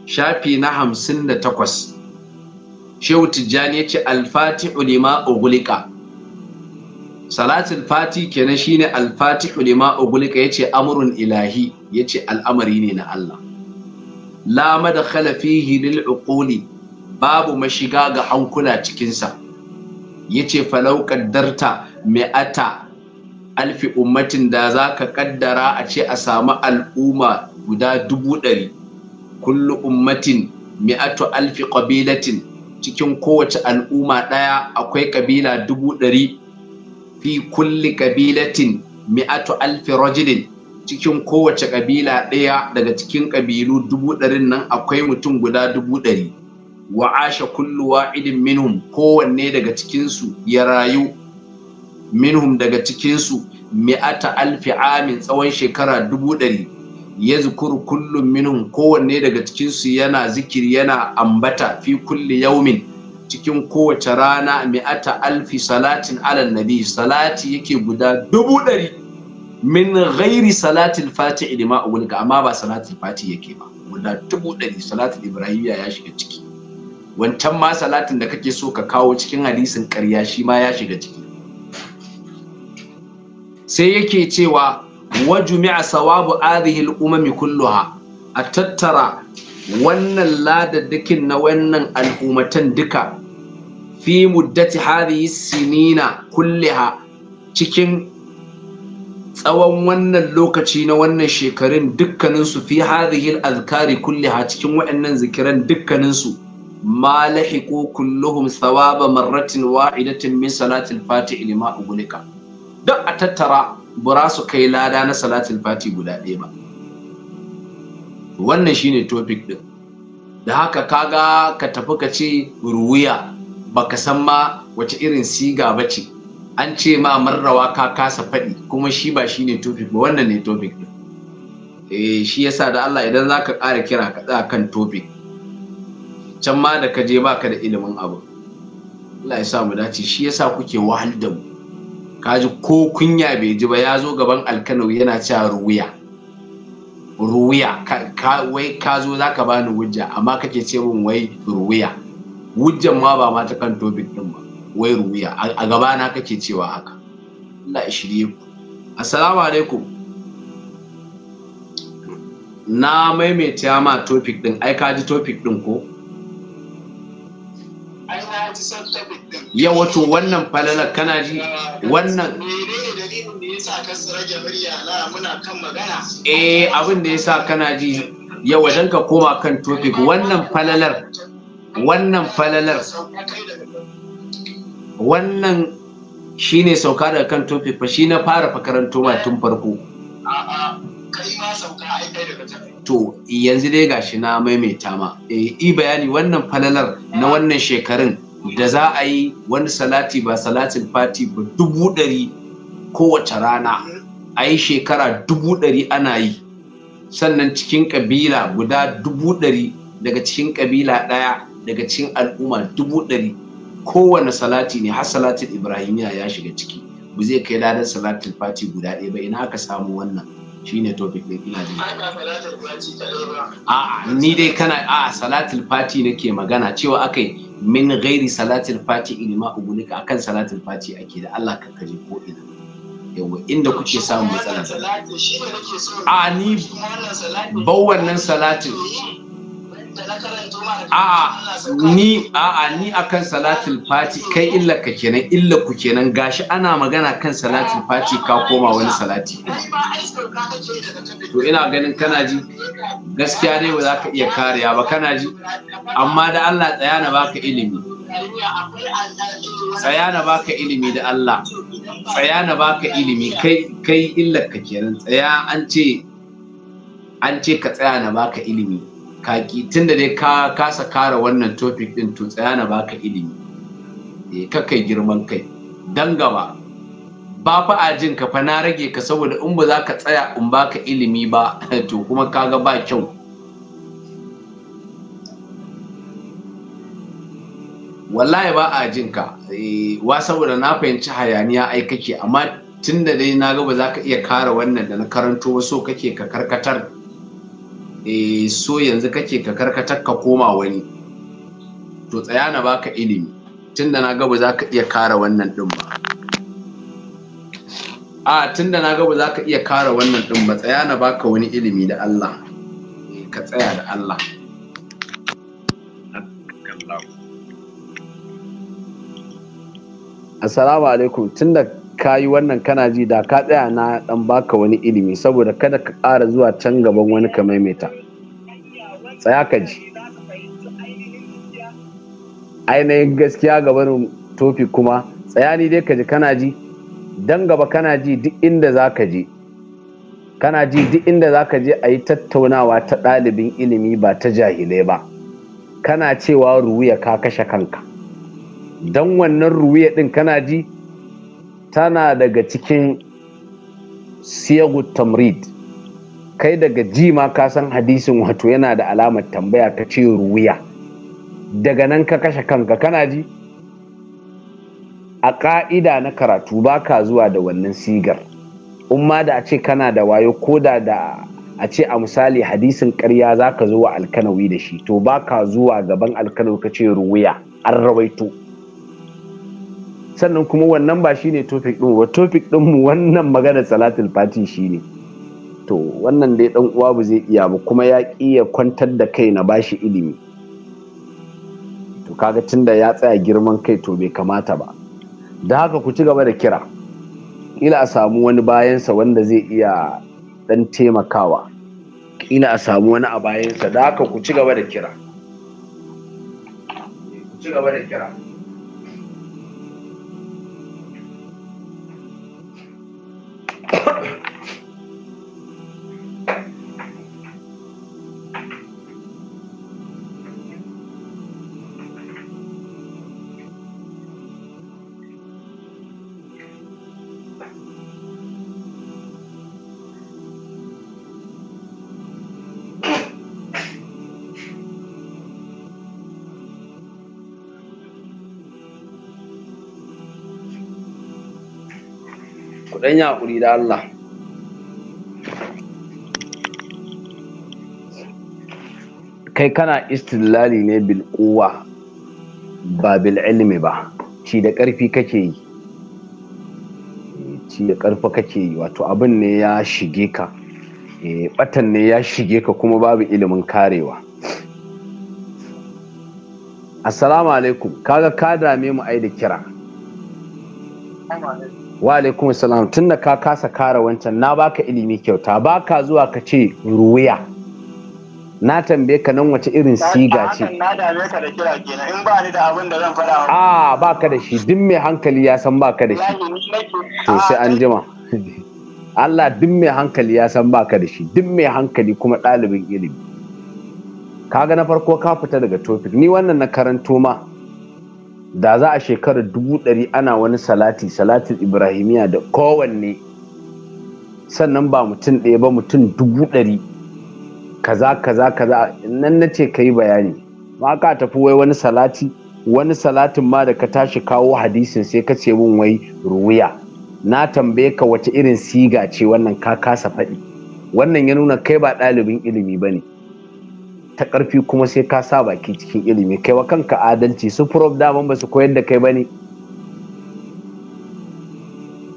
shafi na hamsin da takwas shehu tijjani ya ce alfati Ulima ogulika salatul fati kenan shine Ulima lima ya yace amrun ilahi yace al'amari ne na Allah la madkhala fihi lil uquli babu mashiga ga hankula cikin sa yace falau qaddarta mi'ata alfi ummatin da za ka kaddara a ce a samu al'umma guda dubu ɗari kullu ummatin mi'atu alfi ƙabilatin cikin kowace al'umma ɗaya akwai ƙabila dubu ɗari fi kulli ƙabilatin mi'atu alfi rajulin cikin kowace ƙabila ɗaya daga cikin ƙabilu dubu ɗarin nan akwai mutum guda dubu ɗari wa kullu wa'idin minhum kowanne daga cikinsu ya rayu minhum daga cikinsu mi'ata alfi amin tsawon shekara dubu ɗari ya zukuru kullum minhum kowanne daga cikinsu yana zikiri yana ambata fi kulli yaumin cikin kowace rana mi'ata alfi salatin alal nabi salati yake guda dubu ɗari min ghairi salatin fati ilima a wulga amma ba salatin fati yake ba guda dubu ɗari salatin ibrahimiya ya shiga ciki wancan ma salatin da kake so ka kawo cikin hadisin ƙarya shi ma ya shiga ciki sai yake cewa a sawabu hadhihi umami kulluha a tattara wannan ladaddakin na wannan al'umatan duka fi muddati hadhihi sinina kulliha cikin tsawon wannan lokaci na wannan shekarun dukkaninsu fi hadhihi azkari kulliha cikin waɗannan zikiran dukkaninsu ma lahiqu kulluhum sawaba marratin wa'idatin min salatil fatihi lima duk a tattara bura su kai lada na salatul fati guda ɗaya ba wannan shine topic din da haka kaga ka tafi ka ce ruwiya baka san ma wace irin siga ba ce an ce ma marrawa ka kasa faɗi kuma shi ba shine topic ba wannan ne topic din eh shi yasa da Allah idan zaka ƙara kira ka tsaya kan topic can ma da ka je baka da ilimin abu Allah ya sa mu dace shi yasa kuke wahal da mu kaji ko kunya bai ji ba ya zo gaban alkano yana cewa ruwiya ruwiya wai ka zo za ka bani wujja amma kake ce mun wai ruwiya wujjan ma ba ma ta kan topic din ba wai ruwiya a gaba na kake cewa haka Allah ya shirye ku assalamu alaikum na maimaita ma topic din ai ka ji topic din ko ai na ji san topic wato wannan falalar kana ji wannan eh abin da yasa kana ji ya wajen ka koma kan topic wannan falalar wannan falalar wannan shi ne sauka daga kan topic fa shi na fara fakaranto ma tun farko to yanzu dai gashi na maimaita ma eh i bayani wannan falalar na wannan shekarun da za a yi wani salati ba salatin fati ba dubu ɗari kowace rana a yi shekara dubu ɗari ana yi sannan cikin kabila guda dubu ɗari daga cikin kabila ɗaya daga cikin al'umma dubu ɗari kowane salati ne har salatin ibrahimiya ya shiga ciki ba zai kai ladan salatin fati guda ɗaya ba ina aka samu wannan shine topic ɗin ina jin a'a ni dai kana a'a salatin fati nake magana cewa akai min ghairi salatin fati ilima ubulika akan salatin fati ake da Allah ka kaje ko ina yawa inda kuke samun matsala a ni bau wannan salatin a'a ni a'a ni akan salatul fati kai illa ka kenan illa ku kenan gashi ana magana kan salatul fati ka koma wani salati to ina ganin kana ji gaskiya dai ba za ka iya kariya ba kana ji amma da Allah tsaya na baka ilimi tsaya na baka ilimi da Allah tsaya na baka ilimi kai kai illa ka kenan tsaya an ce an ce ka tsaya na baka ilimi kaki tunda dai ka kasa kara wannan topic din to tsaya na baka ilimi eh kakai girman kai dan gaba ba fa a jin ka fa na rage ka saboda in ba za ka tsaya in baka ilimi ba to kuma kaga ba kyau wallahi ba a jin ka eh, wa saboda na fahimci hayaniya ai kake amma tunda dai na ga ba za ka iya kara wannan da na karanto ba so kake ka karkatar Eh, so yanzu kake ka karkatar ka koma wani to tsaya na baka ilimi tunda na gaba za ka iya kara wannan ɗin ba a tunda na gaba za ka iya kara wannan ɗin ba tsaya na baka wani ilimi da Allah eh, ka tsaya da Allah Assalamu alaikum tunda ka yi wannan kana ji da ka tsaya na dan baka wani ilimi saboda kada ka ƙara zuwa can gaban wani ka maimaita tsaya ka ji ainihin gaskiya gaban tofi kuma tsaya ni dai ka ji kana ji dan gaba kana ji duk inda za ka je kana ji duk inda za ka je a yi tattaunawa ta ɗalibin ilimi ba ta jahilai ba kana cewa ruwiya ka kashe kanka don wannan ruwiya ɗin kana ji tana daga cikin siyagut tamrid kai daga ji ka san hadisin wato yana da alamar tambaya ta ce ruwiya daga nan ka kashe kanka kana ji a ƙa'ida na karatu ba ka zuwa da wannan sigar umma da a ce kana da wayo ko da da a ce a misali hadisin ƙarya za ka zo wa alkanawi da shi to ba ka zuwa gaban alkanawi ka ce ruwiya an rawaito sannan kuma wannan ba shine topic din ba topic din mu wannan magana salatul fati shine to wannan dai dan uwa ba zai iya ba kuma ya ya kwantar da kai na bashi ilimi to kaga tunda ya tsaya girman kai to bai kamata ba da haka ku ci gaba da kira kila a samu wani bayansa wanda zai iya dan taimakawa kila a samu wani a bayansa da haka ku ci gaba da kira ku ci gaba da kira dan yi hakuri da Allah kai kana istidlali ne bil quwwa ba bil ilmi ba ci da ƙarfi kake yi ci da ƙarfi kake yi wato abin ne ya shige ka batan eh, ne ya shige ka kuma babu ilimin karewa assalamu alaikum kaga ka dame mu ai da kira wa alaikum salam tunda ka kasa kara wancan na baka ilimi kyauta baka zuwa ka ce ruwiya na tambaye ka nan wace irin siga ce na dame ka da kira kenan in ba ni da abin da zan a baka da shi duk mai hankali ya san baka da shi to sai an jima Allah duk mai hankali ya san baka da shi duk mai hankali kuma ɗalibin ilimi kaga na farko ka fita daga topic ni wannan na karanto ma da za a shekarar dubu ɗari ana wani salati salatin ibrahimiya da kowanne sannan ba mutum ɗaya ba mutum dubu ɗari kaza kaza kaza nan na ce ka yi bayani ma ka tafi wai wani salati wani salatin ma da ka tashi kawo hadisin sai ka ce min wai ruwiya na tambaye ka wace irin siga ce wannan ka kasa faɗi wannan ya nuna kai ba ɗalibin ilimi ba ne ta ƙarfi kuma sai ka sa baki cikin ilimi kai wa kanka adalci su Prof daman ba su koyar da kai ba ne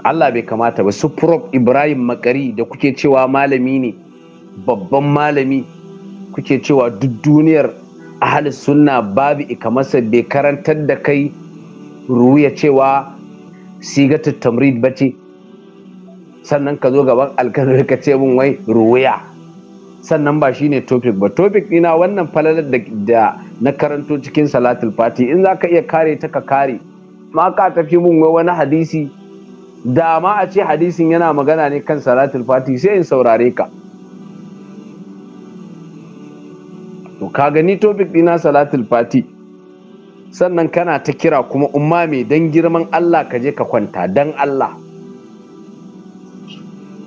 Allah bai kamata ba su Prof Ibrahim Makari da kuke cewa malami ne babban malami kuke cewa duk duniyar ahli sunna babu ikamasa bai karantar da kai ruya cewa sigatar tamrid ba ce sannan ka zo gaban alkanar ka ce mun wai ruya sannan ba shi ne topic ba topic dina wannan falalar da na karanto cikin salatul fati in za ka iya kare ta ka kare ma ka tafi mun wai wani hadisi da ma a ce hadisin yana magana ne kan salatul fati sai in saurare ka to ka gani topic dina salatul fati sannan kana ta kira kuma umma mai dan girman Allah ka je ka kwanta dan Allah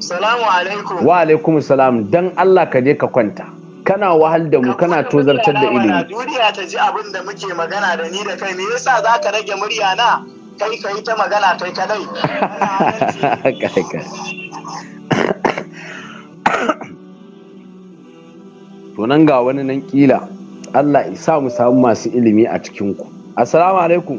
Salamu alaikum. Wa alaikum salam dan Allah ka je ka kwanta. Kana wahal da mu kana tozartar da ilimi. Duniya ta ji abin da muke magana da ni da kai me yasa za ka rage murya na kai kai ta magana kai kadai. Kai kai. To nan ga wani nan kila Allah ya sa mu samu masu ilimi a cikin ku. Assalamu alaikum.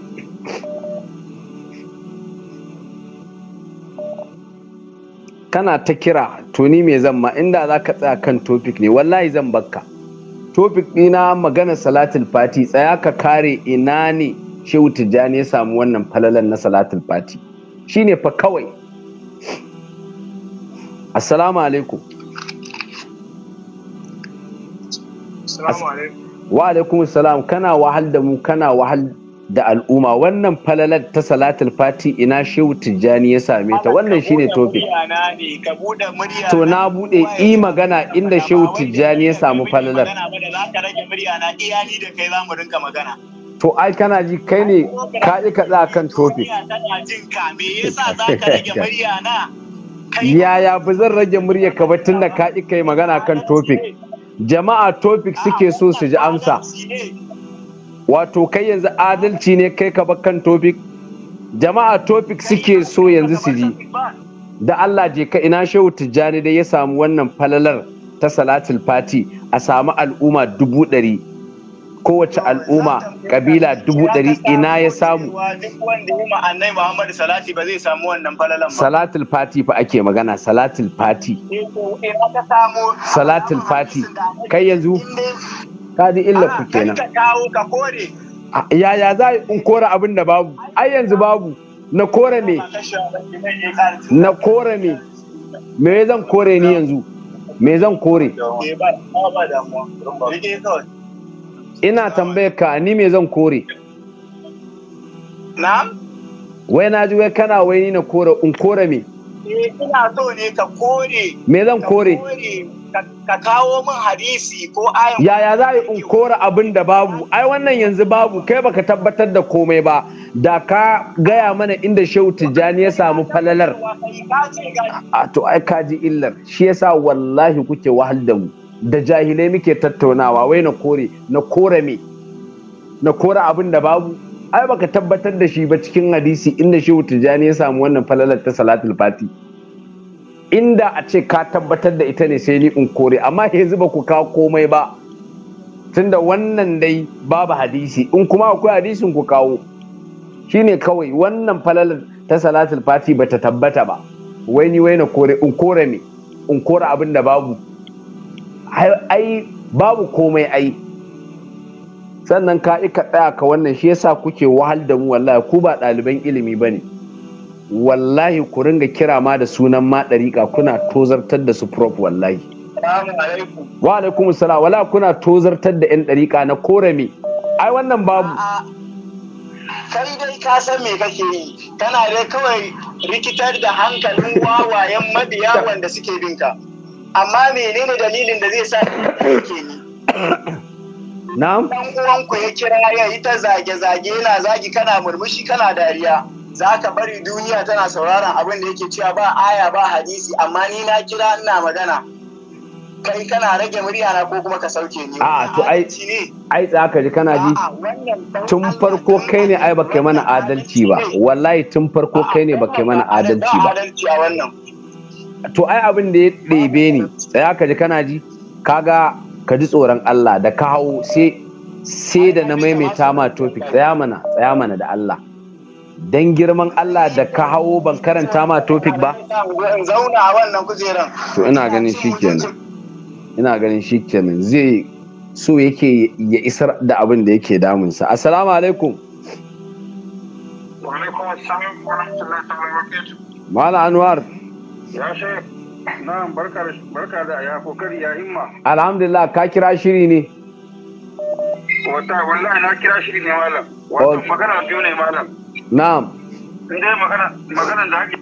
kana ta kira to ni me zan ma inda za ka tsaya kan topic ne wallahi zan bakka topic ɗina magana salatul fati tsaya ka kare ina ne shehu tijjani ya samu wannan falalan na salatul fati shine fa kawai assalamu alaikum wa alaikum salam kana wahal da mu kana wahal da al'umma wannan falalar ta salatul fati ina shehu tijjani ya same ta wannan shine topic to na bude i magana inda shehu tijjani ya samu falalar to ai kana ji kai ne ka yi kaɗa kan topic yaya ba zan rage murya ka ba tun da ka yi magana kan topic jama'a topic suke so su ji amsa wato kai yanzu adalci ne kai ka kan topic jama'a topic suke so yanzu su ji da Allah je ka ina shehu tijjani dai ya samu wannan falalar ta salatul fati a samu al'umma dubu ɗari kowace al'umma kabila dubu ɗari ina ya samu salatul fati fa ake magana salatul fati eh, salatul fati kai yanzu ka ji illa ku kenan ka kawo yaya za in kora abin da babu ai yanzu babu na kore me na kore me me zan kore ni yanzu me zan kore eh, ina tambayar ka ni me zan kore na'am wai na ji wai kana wai ni na kore in kore me Eh ina so ne ka kore. Me zan kore? Ka kawo min hadisi ko ayan. Yaya za a in kore abin da babu? Ai wannan yanzu babu kai baka tabbatar da komai ba. Da ka gaya mana inda Shehu Tijjani ya samu falalar. A to ai kaji illar. Shi yasa wallahi kuke wahal da mu. Da jahilai muke tattaunawa wai na kore, na kore me? Na kore abin da babu. ai baka tabbatar da shi ba cikin hadisi inda shehu tijjani ya samu wannan falalar ta salatul fati inda a ce ka tabbatar da ita ne sai ni in kore amma yanzu ba ku ka komai ba tunda wannan dai babu hadisi in kuma akwai hadisin ku kawo shine kawai wannan falalar ta salatul fati ba ta tabbata ba wai ni wai na kore in kore me in kore abin babu ai babu komai ai sannan ka ika tsaya ka wannan shi yasa kuke wahal da mu wallahi ku ba ɗaliban ilimi bane wallahi ku ringa kira ma da sunan ma ɗariƙa kuna tozartar da su prof wallahi wa alaikum salam wala kuna tozartar da yan ɗariƙa na korame ai wannan babu kai dai ka san me kake yi kana dai kawai rikitar da hankalin wawayen mabiya wanda suke binka amma menene dalilin da zai sa kake ni Na'am. Dan uwan ku ya kira ya yi ta zage-zage yana zagi kana murmushi kana dariya. Za ka bari duniya tana sauraron abin da yake cewa ba aya ba hadisi amma ni na kira ina magana. Kai kana rage murya na ko kuma ka sauke ni. A'a to ai ai ka ji kana ji. Tun farko kai ne ai baka mana adalci ba. Wallahi tun farko kai ne baka mana adalci ba. Adalci a wannan. To ai abin da ya ɗebe ni, tsaya ka ji kana ji, kaga ka ji tsoron Allah da ka hau sai da na maimaita ma topic tsaya mana tsaya mana da Allah dan girman Allah da ka hau ban karanta ma topic ba in zauna a wannan kujeran to ina ganin shikenan ina ganin shikenan zai so yake ya isar da abin da yake damunsa assalamu alaikum wa alaikum assalam wa rahmatullahi wa barakatuh mala anwar ya shek Na'am barka da ya kokari ya himma. Alhamdulillah ka kira shiri ne. Wata wallahi na kira shiri ne malam. Wato oh. magana biyu ne malam. Na'am. Indai magana magana da ake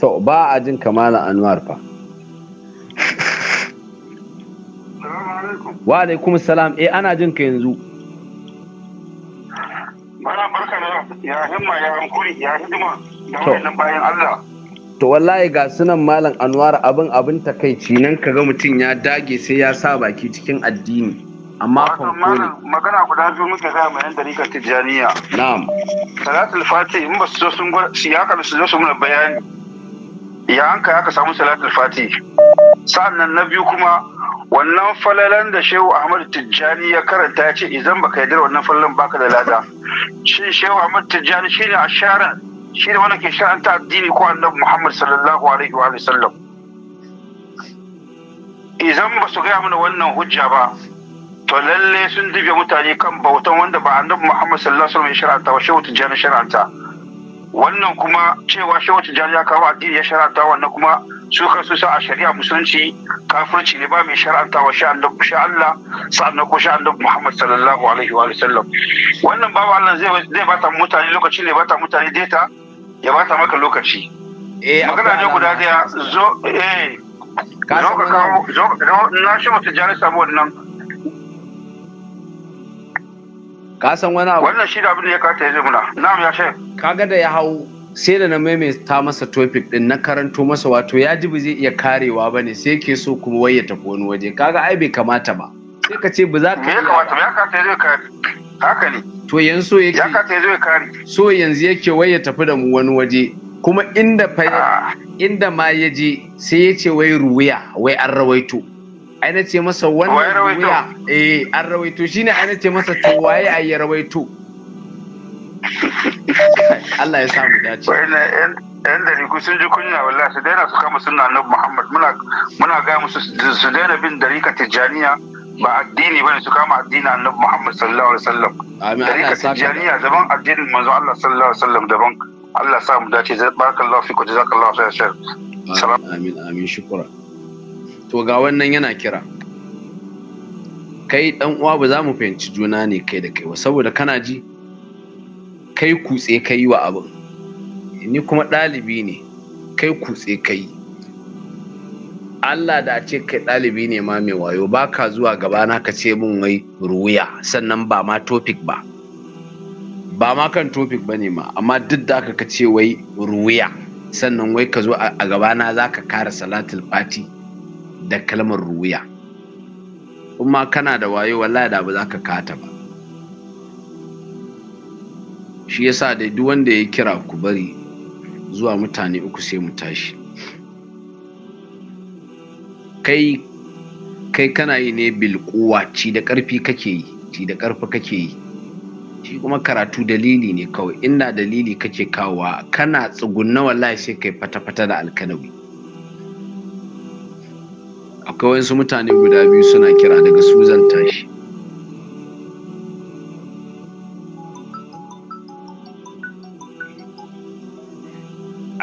To ba a jin kamala Anwar fa. Wa alaikum salam eh ana jin ka yanzu. Mana barka da ya himma ya hankuri ya hidima da wayannan bayan Allah. To wallahi ga sunan Malam Anwar abin abin takaici nan kaga mutum ya dage sai ya sa baki cikin addini. Amma fanko ne. Magana guda biyu muke gaya ma yan dariƙar Tijjaniya. Na'am. Salatul Fati in ba su zo sun gwada su ya su zo su muna bayani. Ya hanka ya ka samu Salatul Fati. Sa'an nan na biyu kuma wannan falalan da shehu ahmad tijjani ya karanta ya ce idan baka yarda wannan falalan baka da lada shin shehu ahmad tijjani shine ashara shine wanda ke ta addini ko annabi muhammad sallallahu alaihi wa sallam idan ba su gaya mana wannan hujja ba to lalle sun dube mutane kan bautan wanda ba annabi muhammad sallallahu alaihi wa sallam ya sharanta ba shehu tijjani sharanta wannan kuma cewa shehu tijjani ya kawo addini ya sharanta wannan kuma su su sa a shari'a musulunci kafirci ne ba mai shar'anta wa sha'an da kusha Allah sa'an ko sha'an da Muhammad sallallahu alaihi wa sallam wannan babu Allah zai bata mutane lokaci ne bata mutane data ya bata maka lokaci eh magana ne guda daya zo eh ka kawo zo na shi mutum jari sabo wannan ka san wani abu wannan shi da abin da ya kata ya zai muna na'am ya Ka ga da ya hau sai da na maimaita masa topic din na karanto masa wato ya ji ba zai iya karewa ba ne sai ke so kuma wai ya tafi wani waje kaga ai bai kamata ba sai ka ce ba za ka ya kamata ya kamata ya kare haka ne to yanzu yake ya kamata ya kare so yanzu yake wai ya tafi da mu wani waje kuma inda fa ah. inda ma ya je sai ya ce wai ruwaya wai an rawaito ai na ce masa wannan ruwaya eh an rawaito shine ai na ce masa to waye ai ya rawaito Allah ya samu dace yan dariku sun ji kunya wallahi su daina su kama sunna annabi Muhammad muna muna ga musu su daina bin dariƙa tijaniya ba addini bane su kama addini annabi Muhammad sallallahu alaihi wasallam dariƙa tijaniya daban addinin manzo Allah sallallahu alaihi wasallam daban Allah ya samu dace barakallahu fiku jazakallahu khairan amin amin shukran to ga wannan yana kira kai dan uwa ba za mu fahimci juna ne kai da kai ba saboda kana ji kai kutse ka yi wa abin ni kuma ɗalibi ne kai kutse ka yi Allah da ce kai ɗalibi ne ma mai wayo ba ka zuwa gabana ka ce min wai ruya sannan ba ma topic ba ba ma kan topic ba ne ma amma duk da aka ka ce wai ruya sannan wai ka zo a gabana za ka kara salatul fati da kalmar ruya kuma kana da wayo wallahi da ba za ka kata ba shi yasa da duk wanda ya kira ku bari zuwa mutane uku sai mu tashi kai kai kana yi ne bilkuwa ci da ƙarfi kake yi ci da karfi kake yi shi kuma karatu dalili ne kawai na dalili kake kawowa kana tsugunna wallahi sai kai fata-fata da alkanawi akwai wasu mutane guda biyu suna kira daga su zan tashi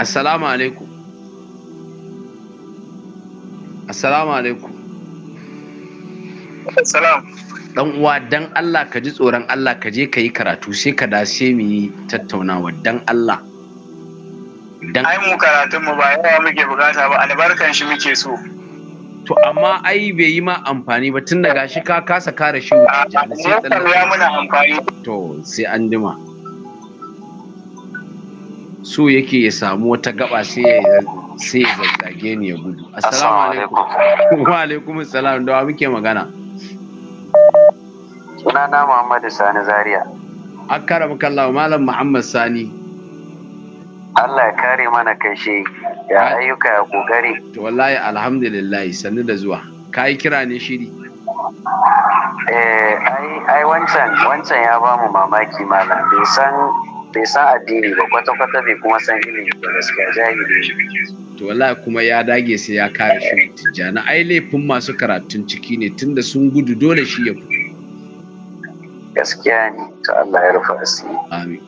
assalamu alaikum assalamu alaikum salam dan uwa dan Allah ka ji tsoron Allah ka je ka yi karatu sai ka dace mu yi tattaunawa dan Allah dan ai mu karatun mu ba yawa muke bukata ba albarkan shi muke so to amma ai bai yi ma amfani ba tun daga shi ka kasa kare shi wuce jami'a sai ya muna amfani to sai an dima so yake ya samu wata gaba sai ya zazzage ni ya gudu assalamu alaikum wa alaikum assalam da muke magana sunana Muhammadu Sani Zaria kalla kallah malam Muhammad Sani Allah ya kare mana kai shi ya ah. ayyuka ya kokari to wallahi alhamdulillah sannu da zuwa kai kira ne shiri eh ai ai wancan wancan ya mu mamaki malam bai san bai san addini ba kwata-kwata bai kuma san ilimi ba gaskiya jahili to wallahi kuma ya dage sai ya kare shi tijjani ai laifin masu karatun ciki ne tunda sun gudu dole shi ya fito gaskiya ne to Allah ya rufa asiri amin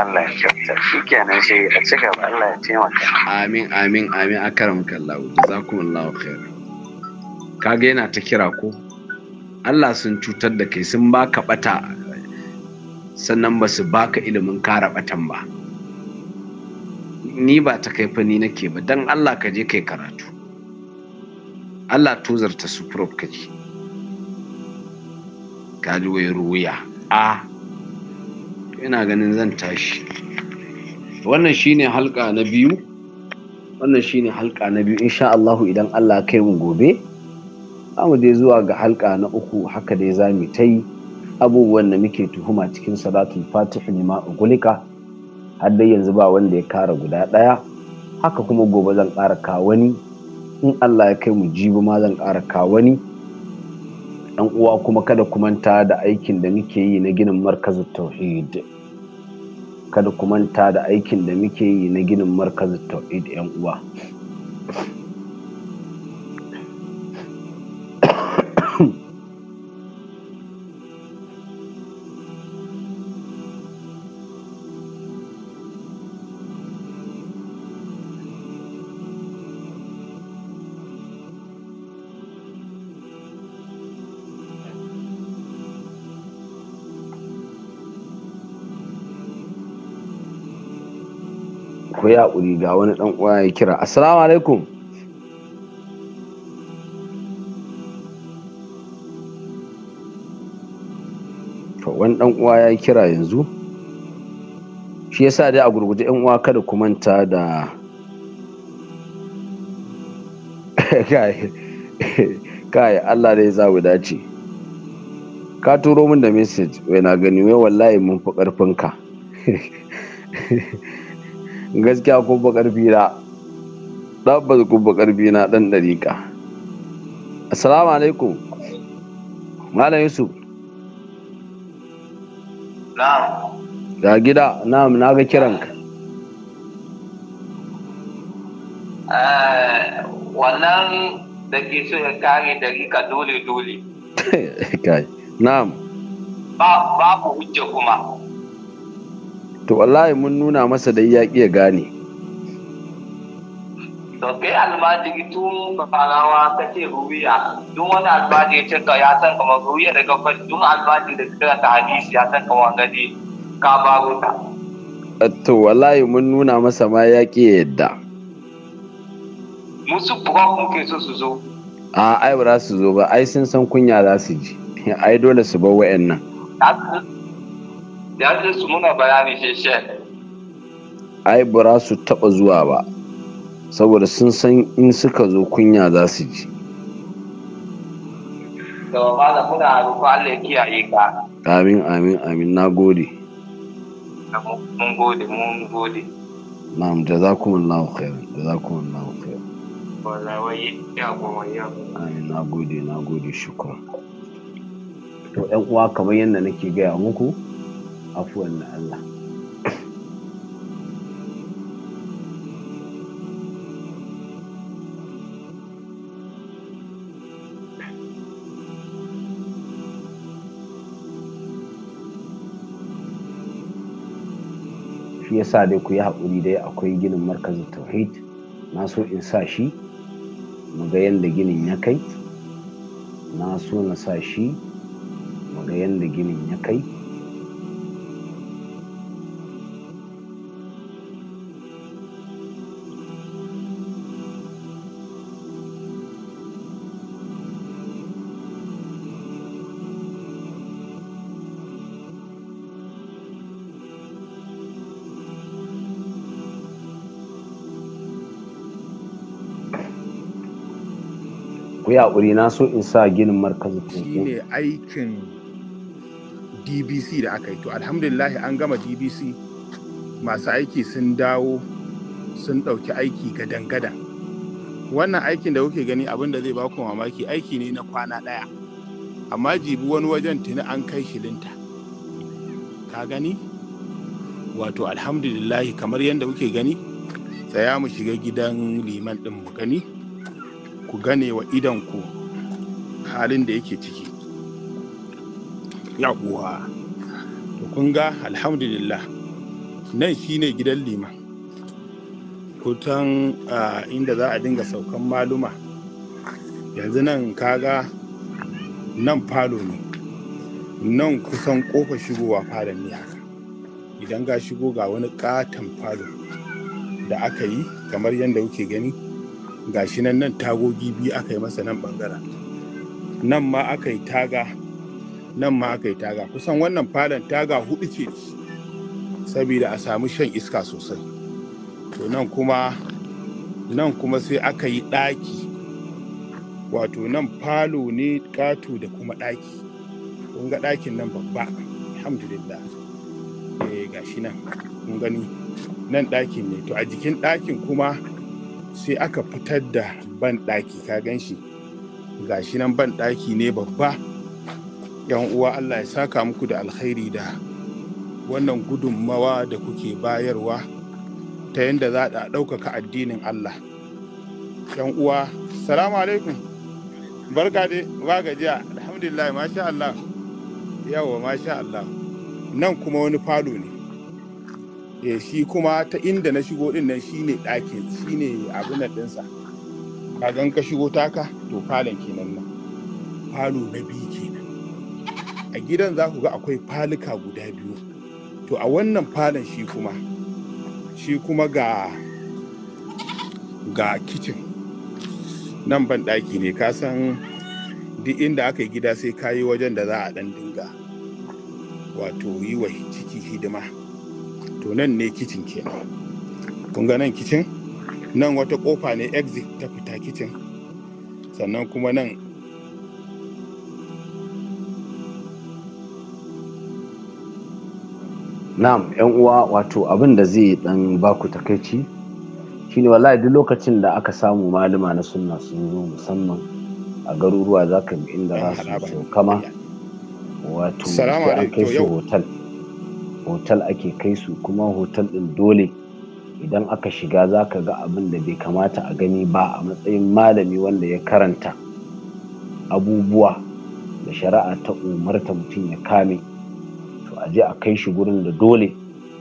Allah ya kyauta shi kenan sai a ci gaba Allah ya taimaka amin amin amin a karamka Allah jazakumullahu khair kaga yana ta kira ko Allah sun cutar da kai sun baka bata sannan ba su baka ilimin kara batan ba ni ba ta kaifa ni nake ba don allah ka je kai karatu allah tuzarta su prof ka ji ka ji wai ruya a ina ganin zan tashi wannan shine halka na biyu wannan shine halka na biyu insha Allahu idan Allah kai mu gobe za mu dai zuwa ga halka na uku haka dai za mu ta yi abubuwan da muke tuhuma cikin salatul fatih ne ma ugulika har dai yanzu ba wanda ya kara guda ɗaya haka kuma gobe zan ƙara ka in Allah ya kai mu jibi ma zan ƙara kawani. wani ɗan uwa kuma kada ku manta da aikin da muke yi na ginin markazin tauhid kada ku manta da aikin da muke yi na ginin markazin tauhid yan uwa haƙuri ga wani ɗan ya kira assalamu alaikum to wani ɗan ya kira yanzu shi yasa dai a gurguje yan uwa kada ku manta da kai Allah dai za mu dace ka turo min da message wai na gani wai wallahi mun fi ƙarfinka gaskiya kubba karfi na ɗabbas kubba karfi na ɗan ɗariƙa assalamu alaikum malam yusuf ga gida na na ga kiranka eh, wannan da ke so ya kare ka dole-dole na'am babu hujja kuma to wallahi mun nuna masa dai ya ya gane to kai almajiri tun farawa ka ce ruwiya duk wani almajiri ya cika ya san kamar ruwiya daga fashi duk almajiri da suka ta hadisi ya san kamar gani ka baro ta to wallahi mun nuna masa ma ya ya yadda musu buga ke so su zo a ai ba za su zo ba ai sun san kunya za su ji ai dole su bar wa'annan da su nuna bayani shi ai ba su taba zuwa ba saboda sun san in suka zo kunya za su ji da malam muna roƙo Allah kiyaye ka amin amin amin na gode mun gode mun gode na'am jazakumullahu khairan jazakumullahu khairan wallahi ya goma ya amin na gode na gode shukran to yan uwa kamar yadda nake gaya muku afuwan na Allah shi yasa dai ku yi haƙuri dai akwai ginin markazin tauhid na so in sa shi mu ga yadda ginin ya kai na so na sa shi mu ga yadda ginin ya kai ku yi haƙuri na so in sa ginin markazin shi ne aikin dbc da aka yi to alhamdulillah an gama dbc masu aiki sun dawo sun ɗauki aiki gadan-gadan wannan aikin da kuke gani abin da zai ba ku mamaki aiki ne na kwana ɗaya amma jibi wani wajen tuni an kai shilinta ka gani wato alhamdulillah kamar yadda kuke gani tsaya mu shiga gidan liman ɗin mu gani ku gane wa ku halin da yake ciki yawwa to kun ga alhamdulillah nan shi ne gidan liman kutan inda za a dinga saukan maluma yanzu nan kaga nan falo ne nan kusan kofa shigowa falon ne haka idan ga shigo ga wani katon falo da aka yi kamar yadda kuke gani shi nan nan tagogi biyu aka yi masa nan bangaren nan ma aka yi taga nan ma aka yi taga kusan wannan falon taga hudu ce saboda a samu shan iska sosai to nan kuma nan kuma sai aka yi ɗaki wato nan falo ne ƙato da kuma ɗaki kun ga ɗakin nan babba alhamdulillah eh gashi nan kun gani nan ɗakin ne to a jikin ɗakin kuma sai aka fitar da ban ɗaki ka gan shi gashi nan ban ɗaki ne babba yan uwa allah ya saka muku da alkhairi da wannan gudunmawa da kuke bayarwa ta yadda za a ɗaukaka addinin allah yan uwa salamu alaikum barka dai ba gajiya alhamdulillah masha allah yawa masha allah nan kuma wani falo ne e, shi kuma ta inda na shigo din nan shine ɗakin shine abin ɗinsa kagan ka shigo taka to falon kenan nan falo na biyu kenan a gidan za ku ga akwai falika guda biyu to a wannan falon shi kuma shi kuma ga ga kicin nan ban ɗaki ne ka san duk inda aka yi gida sai ka yi wajen da za a ɗan dinga wato yi wa ciki hidima to nan ne kicin ke kun ga nan kicin nan wata kofa ne exit ta fita kicin sannan kuma nan na'am yan uwa wato abin da zai dan baku takaici shine wallahi duk lokacin da aka samu malama na sunna sun zo musamman a garuruwa za ka inda za su kama wato an kai su hotel hotel ake kai su kuma hotel ɗin dole idan aka shiga za ka ga abin da bai kamata a gani ba a matsayin malami wanda ya karanta abubuwa da shari'a ta umarta mutum ya kame to a je a kai shi gurin da dole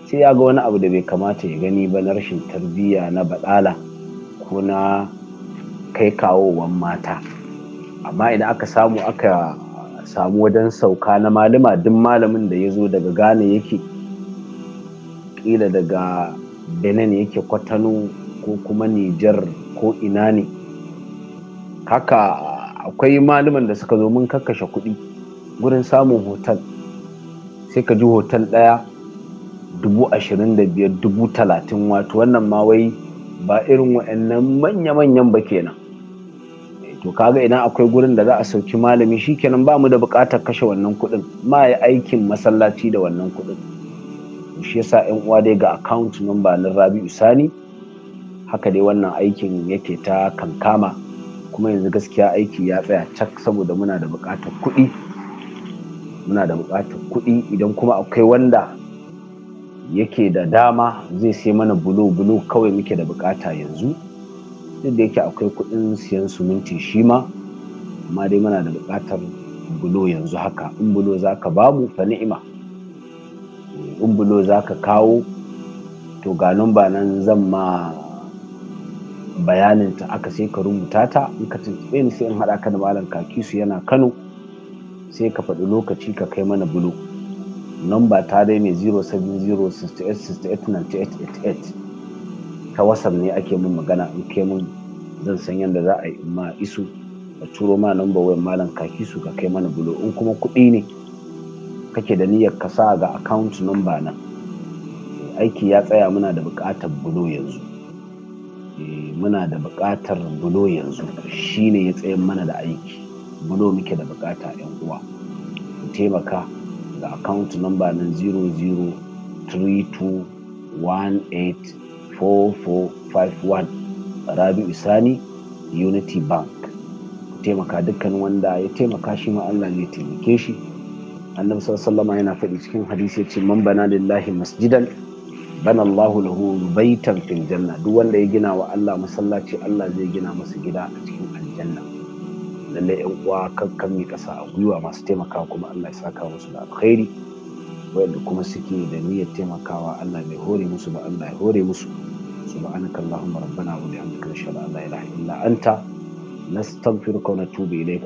sai ya ga wani abu da bai kamata ya gani ba na rashin tarbiyya na baɗala ko na kai kawowan mata amma idan aka samu aka samu wajen sauka na malama duk malamin da ya zo daga gane yake watakila daga benin yake kwatano ko kuma nijar ko ina ne haka akwai malaman da suka zo mun kakkashe kuɗi gurin samun hotel sai ka ji hotel ɗaya dubu ashirin da biyar dubu talatin wato wannan ma wai ba irin wa'annan manya-manyan ba kenan eh, to kaga idan akwai gurin da za a sauki malami shikenan ba mu da buƙatar kashe wannan kuɗin ma ya aikin masallaci da wannan kuɗin shi yasa yan uwa dai ga account number na Rabi'u Sani haka dai wannan aikin yake ta kankama kuma yanzu gaskiya aiki ya tsaya cak saboda muna da buƙatar kuɗi muna da buƙatar kuɗi idan kuma akwai wanda yake da dama zai sai mana bulo bulo kawai muke da bukata yanzu duk da yake akwai kuɗin siyan minti shi ma amma dai muna da buƙatar bulo yanzu haka in bulo za ka bamu fa ni'ima in bulo za ka kawo to ga numba nan zan ma bayanin ta aka sai ka rubuta ta in ka tuntuɓe ni sai in haɗa ka da malam kakisu yana kano sai ka faɗi lokaci ka kai mana bulo numba ta dai mai 07068689888 ta wasan ne ake min magana in kai mun zan san yadda za a yi ma isu a turo ma numba wayan malam kakisu ka kai mana bulo in kuma kuɗi ne kake da niyyar ka sa ga account number nan. aiki ya tsaya muna da buƙatar bulo yanzu eh, muna da buƙatar bulo yanzu shine ya tsayin mana da aiki bulo muke da buƙata yan uwa ku taimaka ga account number nan, na 0032184451 Rabi sani unity bank taimaka dukkan wanda ya taimaka shi ma allah ya taimake shi annabi sallallahu alaihi yana faɗi cikin hadisi yace man bana lillahi masjidan bana Allahu lahu baitan fil janna duk wanda ya gina wa Allah masallaci Allah zai gina masa gida a cikin aljanna lalle yan uwa kakkan mi kasa a gwiwa masu taimaka kuma Allah ya saka musu da alkhairi wanda kuma suke da niyyar taimakawa Allah bai hore musu ba Allah ya hore musu subhanaka allahumma rabbana wa bihamdika ashhadu an la ilaha illa anta nastaghfiruka wa natubu ilayk